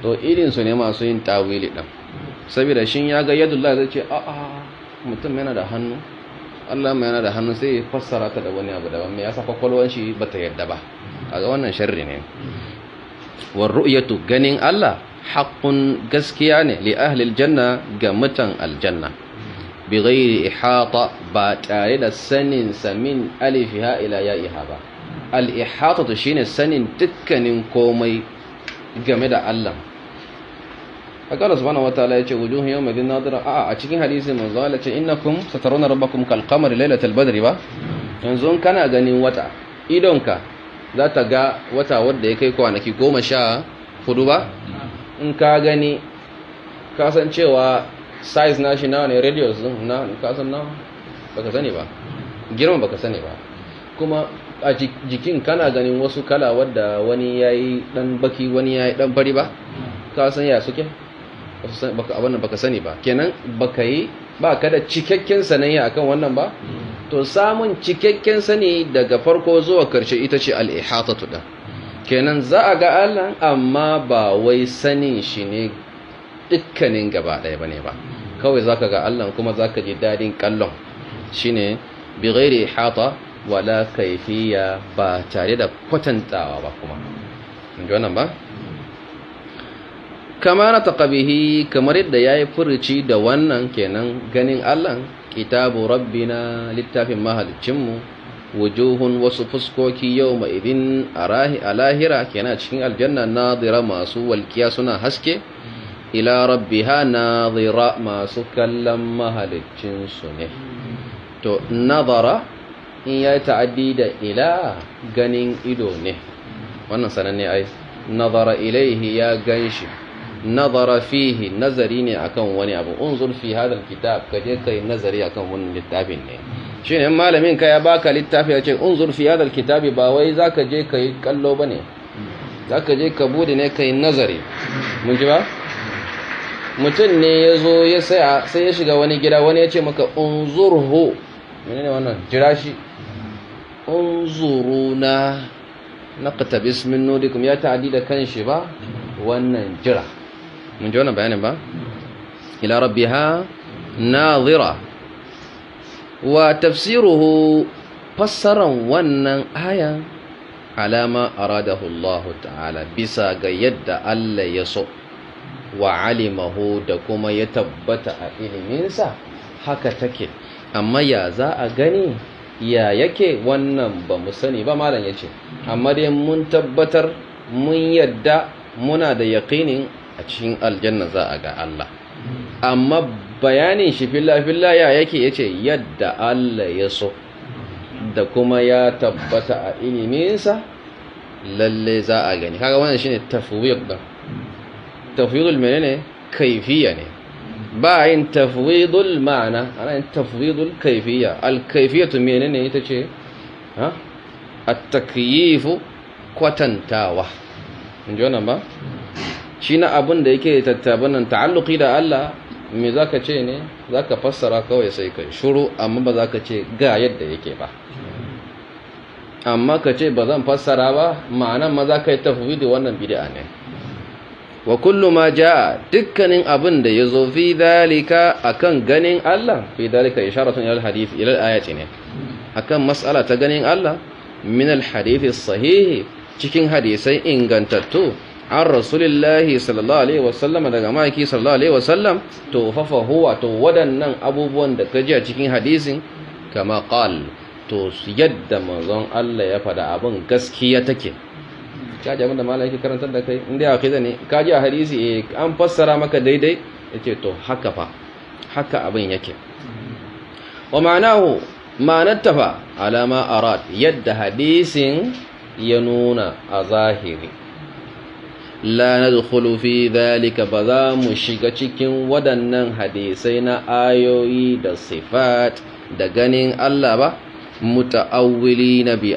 to irinsu ne masu yin tawili ɗan saboda shi ya ga yadda zai ce a'a mutum yana da hannu Allah mai yana da hannu sai ya fassara ta da wani abu daban mai yasa kwakwalwar shi ba ta yadda ba a ga wannan sharri ne wa ru'yatu ganin Allah haƙun gaskiya ne li ahlil janna ga mutan aljanna bi ghairi ihata ba tare da sanin samin alif ha ila ya iha ba al ihatatu shine sanin dukkanin komai game da Allah Allah subhanahu wataala yace wujuhu yawma nadira a a cikin hadisi manzo Allah yace innakum sataruna rabbakum kal qamari lailatal badri ba yanzu kana ganin wata idonka za ta ga wata wadda ya kai kwanaki goma sha hudu ba in ka gani kasancewa size na shi nawa ne radius na kasan nawa baka sani ba ba baka sani ba kuma a jikin kana ganin wasu kala wadda wani yayi dan baki wani yayi dan fari ba ka san ya suke baka abin baka sani ba kenan baka yi ba ka da cikakken sanayya akan wannan ba to samun cikakken sani daga farko zuwa karshe ita ce al-ihatatu da kenan za a ga Allah amma ba wai sanin shi ne dukkanin gaba ɗaya ne ba kawai za ka ga Allah kuma za ka ji daɗin kallon shine ne ghairi hata wala kaifiya ba tare da kwatantawa ba kuma inji wannan ba kama na kamar yadda ya yi furci da wannan kenan ganin Allah kitabu na littafin mahalicinmu wujuhun wasu fuskoki yau ma'idin a lahira kenan cikin aljanna nadira masu walkiya suna haske ila ha nadira masu kallon mahalicinsu ne to nadara in ya ta'addi da ila ganin ido ne wannan sananne ai nadara ilaihi ya ganshi nadara fihi nazari ne akan wani abu unzur fi hadal kitab kaje kai nazari akan wannan littafin ne shi ne malamin ka ya baka littafi ya ce in fi hadal kitabi ba wai za ka je ka yi kallo bane ka je ka bude ne ka yi nazari mun ji ba mutum ne ya zo ya saya sai ya shiga wani gida wani ya ce maka unzurhu menene wannan jira shi in zuru na unzuruna naqtabis min nudikum ya ta'adi da kanshi ba wannan jira mun ji wannan bayanin ba ila rabbiha nadhira wa tafsiruhu fassaran wannan ayan alama aradahullahu ta'ala bisa ga yadda Allah ya so wa alimahu da kuma ya tabbata a iliminsa haka take amma ya za a gani ya yake wannan ba mu sani ba malam ya ce amma dai mun tabbatar mun yadda muna da yaƙinin a cikin aljanna za a ga Allah amma bayanin shi filafila fila ya yake ya ce yadda Allah ya so da kuma ya tabbata a iliminsa lalle za a gani kaga wannan shine tafwir da tafwirul menene kaifiya ne ba yin tafwidul ma'ana ana yin tafwidul kaifiya al kaifiyatu menene ita ce ha at kwatantawa in ji wannan ba shi na abin da yake tattabanan ta'alluki da Allah me za ka ce ne za ka fassara kawai sai kai shuru amma ba za ka ce ga yadda yake ba amma ka ce ba zan fassara ba ma'anan ma za ka yi tafi da wannan bid'a ne wa kullu ma ja dukkanin abin da zo fi dalika akan ganin Allah fi dalika isharatun ila hadith ila ayati ne akan mas'ala ta ganin Allah min al-hadith cikin hadisai ingantattu an rasulillahi sallallahu alaihi wasallam daga maki sallallahu alaihi wasallam to fafa huwa to waɗannan abubuwan da ka ji a cikin hadisin kama qal to yadda manzon Allah ya faɗa abin gaskiya take ka ji abin da malai yake karantar da kai inda ya kaza ne ka ji a hadisi eh an fassara maka daidai yace to haka fa haka abin yake wa ma'anahu ma'anattafa ala ma arad yadda hadisin ya nuna a zahiri la nadkhulu fi dhalika ba za mu shiga cikin waɗannan hadisai na ayoyi da sifat da ganin Allah ba muta'awwili na bi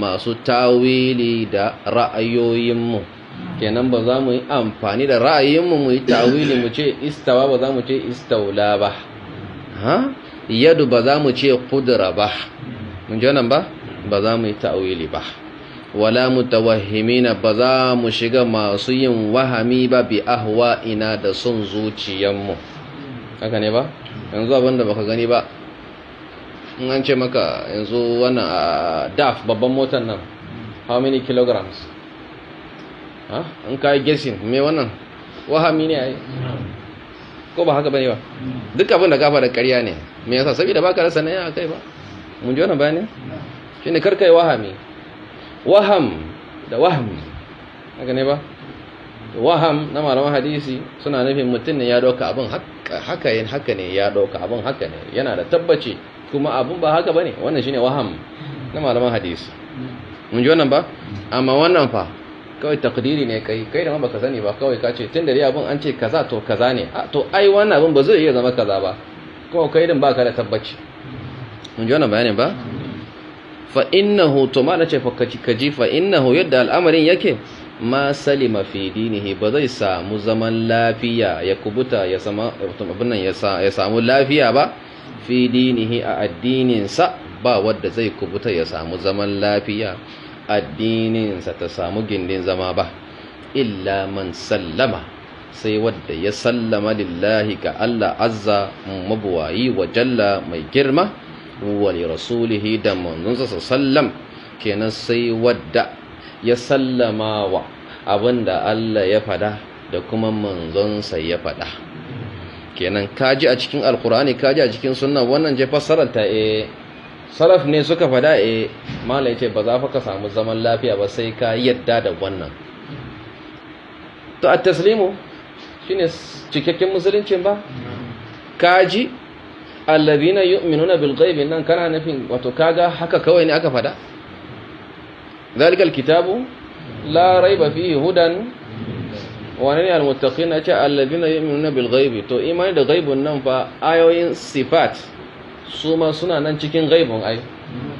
masu tawili da ra'ayoyinmu kenan ba za mu yi amfani da ra'ayinmu mu yi tawili mu ce istawa ba za mu ce istaula ba ha yadu ba za mu ce kudura ba mun nan ba ba za mu yi tawili ba wala mutawahhimina ba za mu shiga masu yin wahami ba bi ahwa ina da son zuciyanmu haka ne ba yanzu abinda baka gani ba in an ce maka yanzu wannan a daf babban motar nan how many kilograms in ka yi gesin mai wannan wahami ne a yi ko ba haka bane ba duk abin da gafa da karya ne me yasa saboda baka rasa na yi a kai ba mun ji wannan bayanin shine karkai wahami waham da waham haka ne ba waham na malaman hadisi suna nufin mutum ne ya dauka abin haka yin haka ne ya dauka abin haka ne yana da tabbaci kuma abin ba haka ba ne wannan shi ne waham na malaman hadisi mun ji wannan ba amma wannan fa kawai takdiri ne kai kai da ba ka sani ba kawai ka ce tun da abin an ce kaza to kaza ne to ai wannan abin ba zai iya zama kaza ba kawai kai din ba ka da tabbaci mun ji wannan bayanin ba fa innahu to ma fa kaji fa innahu yadda al'amarin yake ma salima fi dinihi ba zai samu zaman lafiya ya kubuta ya sama ya samu lafiya ba fi dinihi a addininsa ba wadda zai kubuta ya samu zaman lafiya addininsa ta samu gindin zama ba illa man sallama sai wadda ya sallama lillahi ga Allah azza mabuwayi wa jalla mai girma wa li rasulihi da manzonsa sallam kenan sai wadda ya sallama wa da Allah ya fada da kuma manzonsa ya fada kenan kaji a cikin alkur'ani kaji a cikin sunna wannan je fassarar ta e salaf ne suka fada eh malai ce ba za fa ka samu zaman lafiya ba sai ka yadda da wannan to at-taslimu shine cikakken Musulunci ba kaji allazina yu'minuna bil ghaibi nan kana nufin wato kaga haka kawai ne aka fada zalikal kitabu la raiba fihi hudan wane ne almuttaqin ce allazina yu'minuna bil ghaibi to imani da ghaibun nan fa ayoyin sifat su ma suna nan cikin ghaibun ai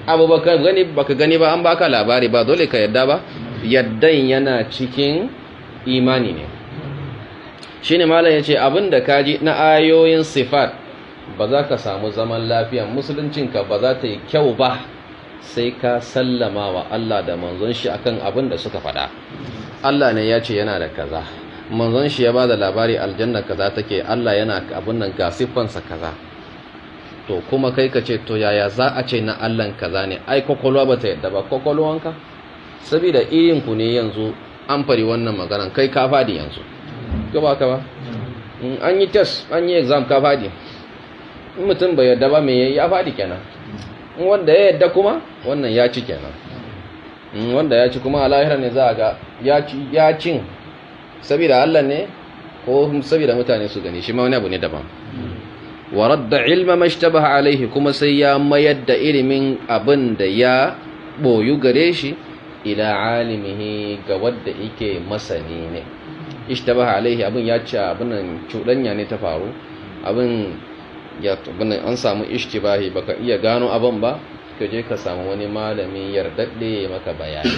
abu gani baka gani ba an baka labari ba dole ka yadda ba yaddan yana cikin imani ne shine malam yace abinda kaji na ayoyin sifat ba za ka samu zaman lafiya musuluncinka ba za ta yi kyau ba sai ka sallama wa Allah da manzon shi akan abin da suka faɗa Allah ne ya ce yana da kaza manzon shi ya ba da labari aljanna kaza take Allah yana abin nan ga siffansa kaza to kuma kai ka ce to yaya za a ce na Allah kaza ne ai kokolwa ba ta yadda ba kokolwanka saboda irin ku ne yanzu an fari wannan magana kai ka fadi yanzu ka ba ka ba mm. an yi test an yi exam ka fadi mutum bai yarda ba mai ya faɗi kenan wanda ya yarda kuma wannan ya ci kenan wanda ya ci kuma alahira ne za a ga ya cin saboda Allah ne ko saboda mutane su gani shi ma wani abu ne daban wa radda ilma mashtabaha alaihi kuma sai ya mayar da ilimin abin da ya boyu gare shi ila alimihi ga wadda yake masani ne ishtabaha alaihi abin ya ci abin nan cudanya ne ta faru abin ya tubunan an samu ishtibahi baka iya gano abin ba ka je ka samu wani malami yardadde maka bayani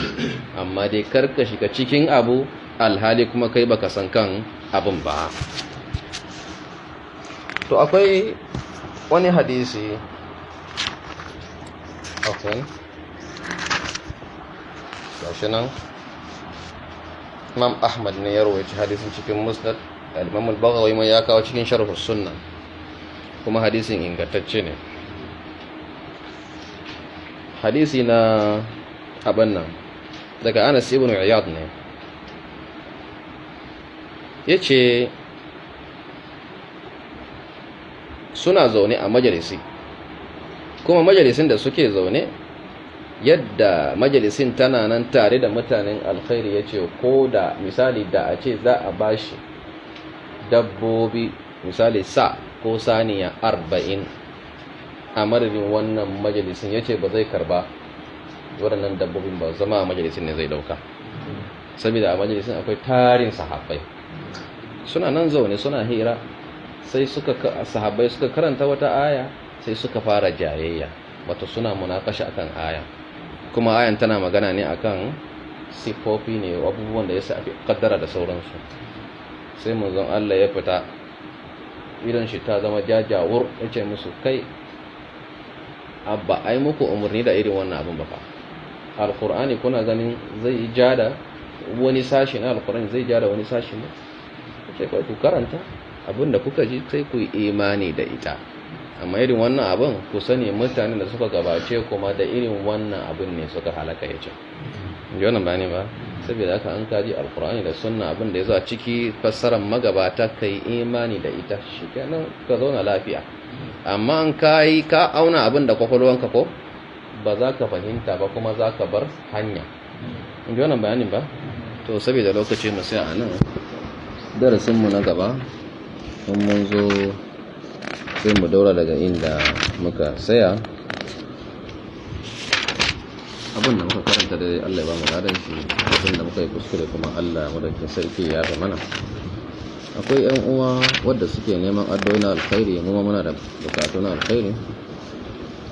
amma dai karka shiga cikin abu alhali kuma kai baka san kan abin ba to akwai wani hadisi okay gashi nan imam ahmad ne ya rawaita hadisin cikin musnad al-imam al-baghawi ya kawo cikin sharh sunna kuma hadisin ingantacce ne hadisi na abin nan daga anas ibn riyad ne ya ce suna zaune a majalisi kuma majalisin da suke zaune yadda majalisin tana nan tare da mutanen alkhairi ya ce ko da misali da a ce za a bashi dabbobi misali sa ko saniya arba'in a madadin wannan majalisin ya ce ba zai karba waɗannan dabbobin ba zama a majalisin ne zai dauka saboda a majalisin akwai tarin sahabbai suna nan zaune suna hira sai suka sahabbai suka karanta wata aya sai suka fara jayayya wato suna munakasha akan aya kuma ayan tana magana ne akan sifofi ne abubuwan da ya sa kaddara da sauransu sai zan Allah ya fita idan shi ta zama jajawur ya ce musu kai abba ai muku umarni da irin wannan abin ba fa alkur'ani kuna ganin zai ja da wani sashi na alkur'ani zai ja da wani sashi ne ce kai ku karanta abin da kuka ji sai ku imani da ita amma irin wannan abin ku sani mutane da suka gabace kuma da irin wannan abin ne suka halaka ya ce wannan ba ba saboda haka an kaji alkur'ani da sunna abin da ya zo a ciki fassarar magabata ka yi imani da ita shi kenan ka zauna lafiya amma an kayi ka auna abin da kwakwalwanka ko ba za ka fahimta ba kuma za ka bar hanya in ji wannan bayanin ba to saboda lokaci mu sai a nan darasinmu na gaba in mun zo sai mu daura daga inda muka saya abin da muka karanta da Allah ya ba mu ladan shi abin da muka yi kuskure kuma Allah madaukin sarki ya ga mana akwai yan uwa wadda suke neman addu'o'i na alkhairi mu ma muna da bukatu na alkhairi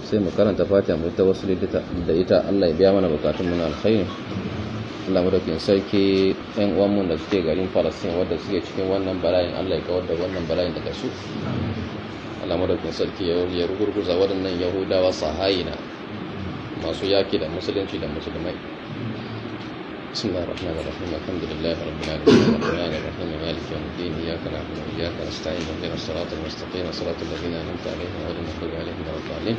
sai mu karanta fatiha mu ta wasu da ita Allah ya biya mana bukatun mu na alkhairi Allah madaukin sarki yan uwan mu da suke garin Palestine wadda suke cikin wannan bala'in Allah ya kawar da wannan bala'in daga su Allah madaukin sarki ya rugurguza waɗannan Yahudawa sahayina masu yaki da musulunci da musulmai بسم الله الرحمن الرحيم الحمد لله رب العالمين الرحمن الرحيم مالك يوم الدين اياك نعبد واياك نستعين اهدنا الصراط المستقيم صراط الذين انعمت عليهم غير المغضوب عليهم ولا الضالين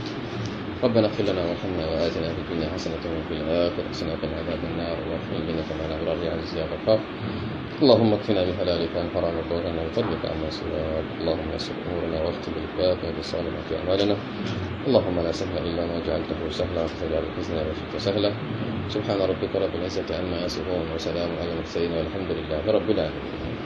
ربنا اغفر لنا وارحمنا واتنا في الدنيا حسنه وفي الاخره حسنه وقنا عذاب النار وارحم بنا كما نبرر يا عزيز يا غفار اللهم اكفنا بحلالك عن حرام وغنى وفضلك عما سواك اللهم يسر امورنا واختم بالعافيه بصالحة اعمالنا اللهم لا سهل الا ما جعلته سهلا فاجعل الحزن اذا سهلا سبحان ربك رب العزه عما يصفون وسلام على المرسلين والحمد لله رب العالمين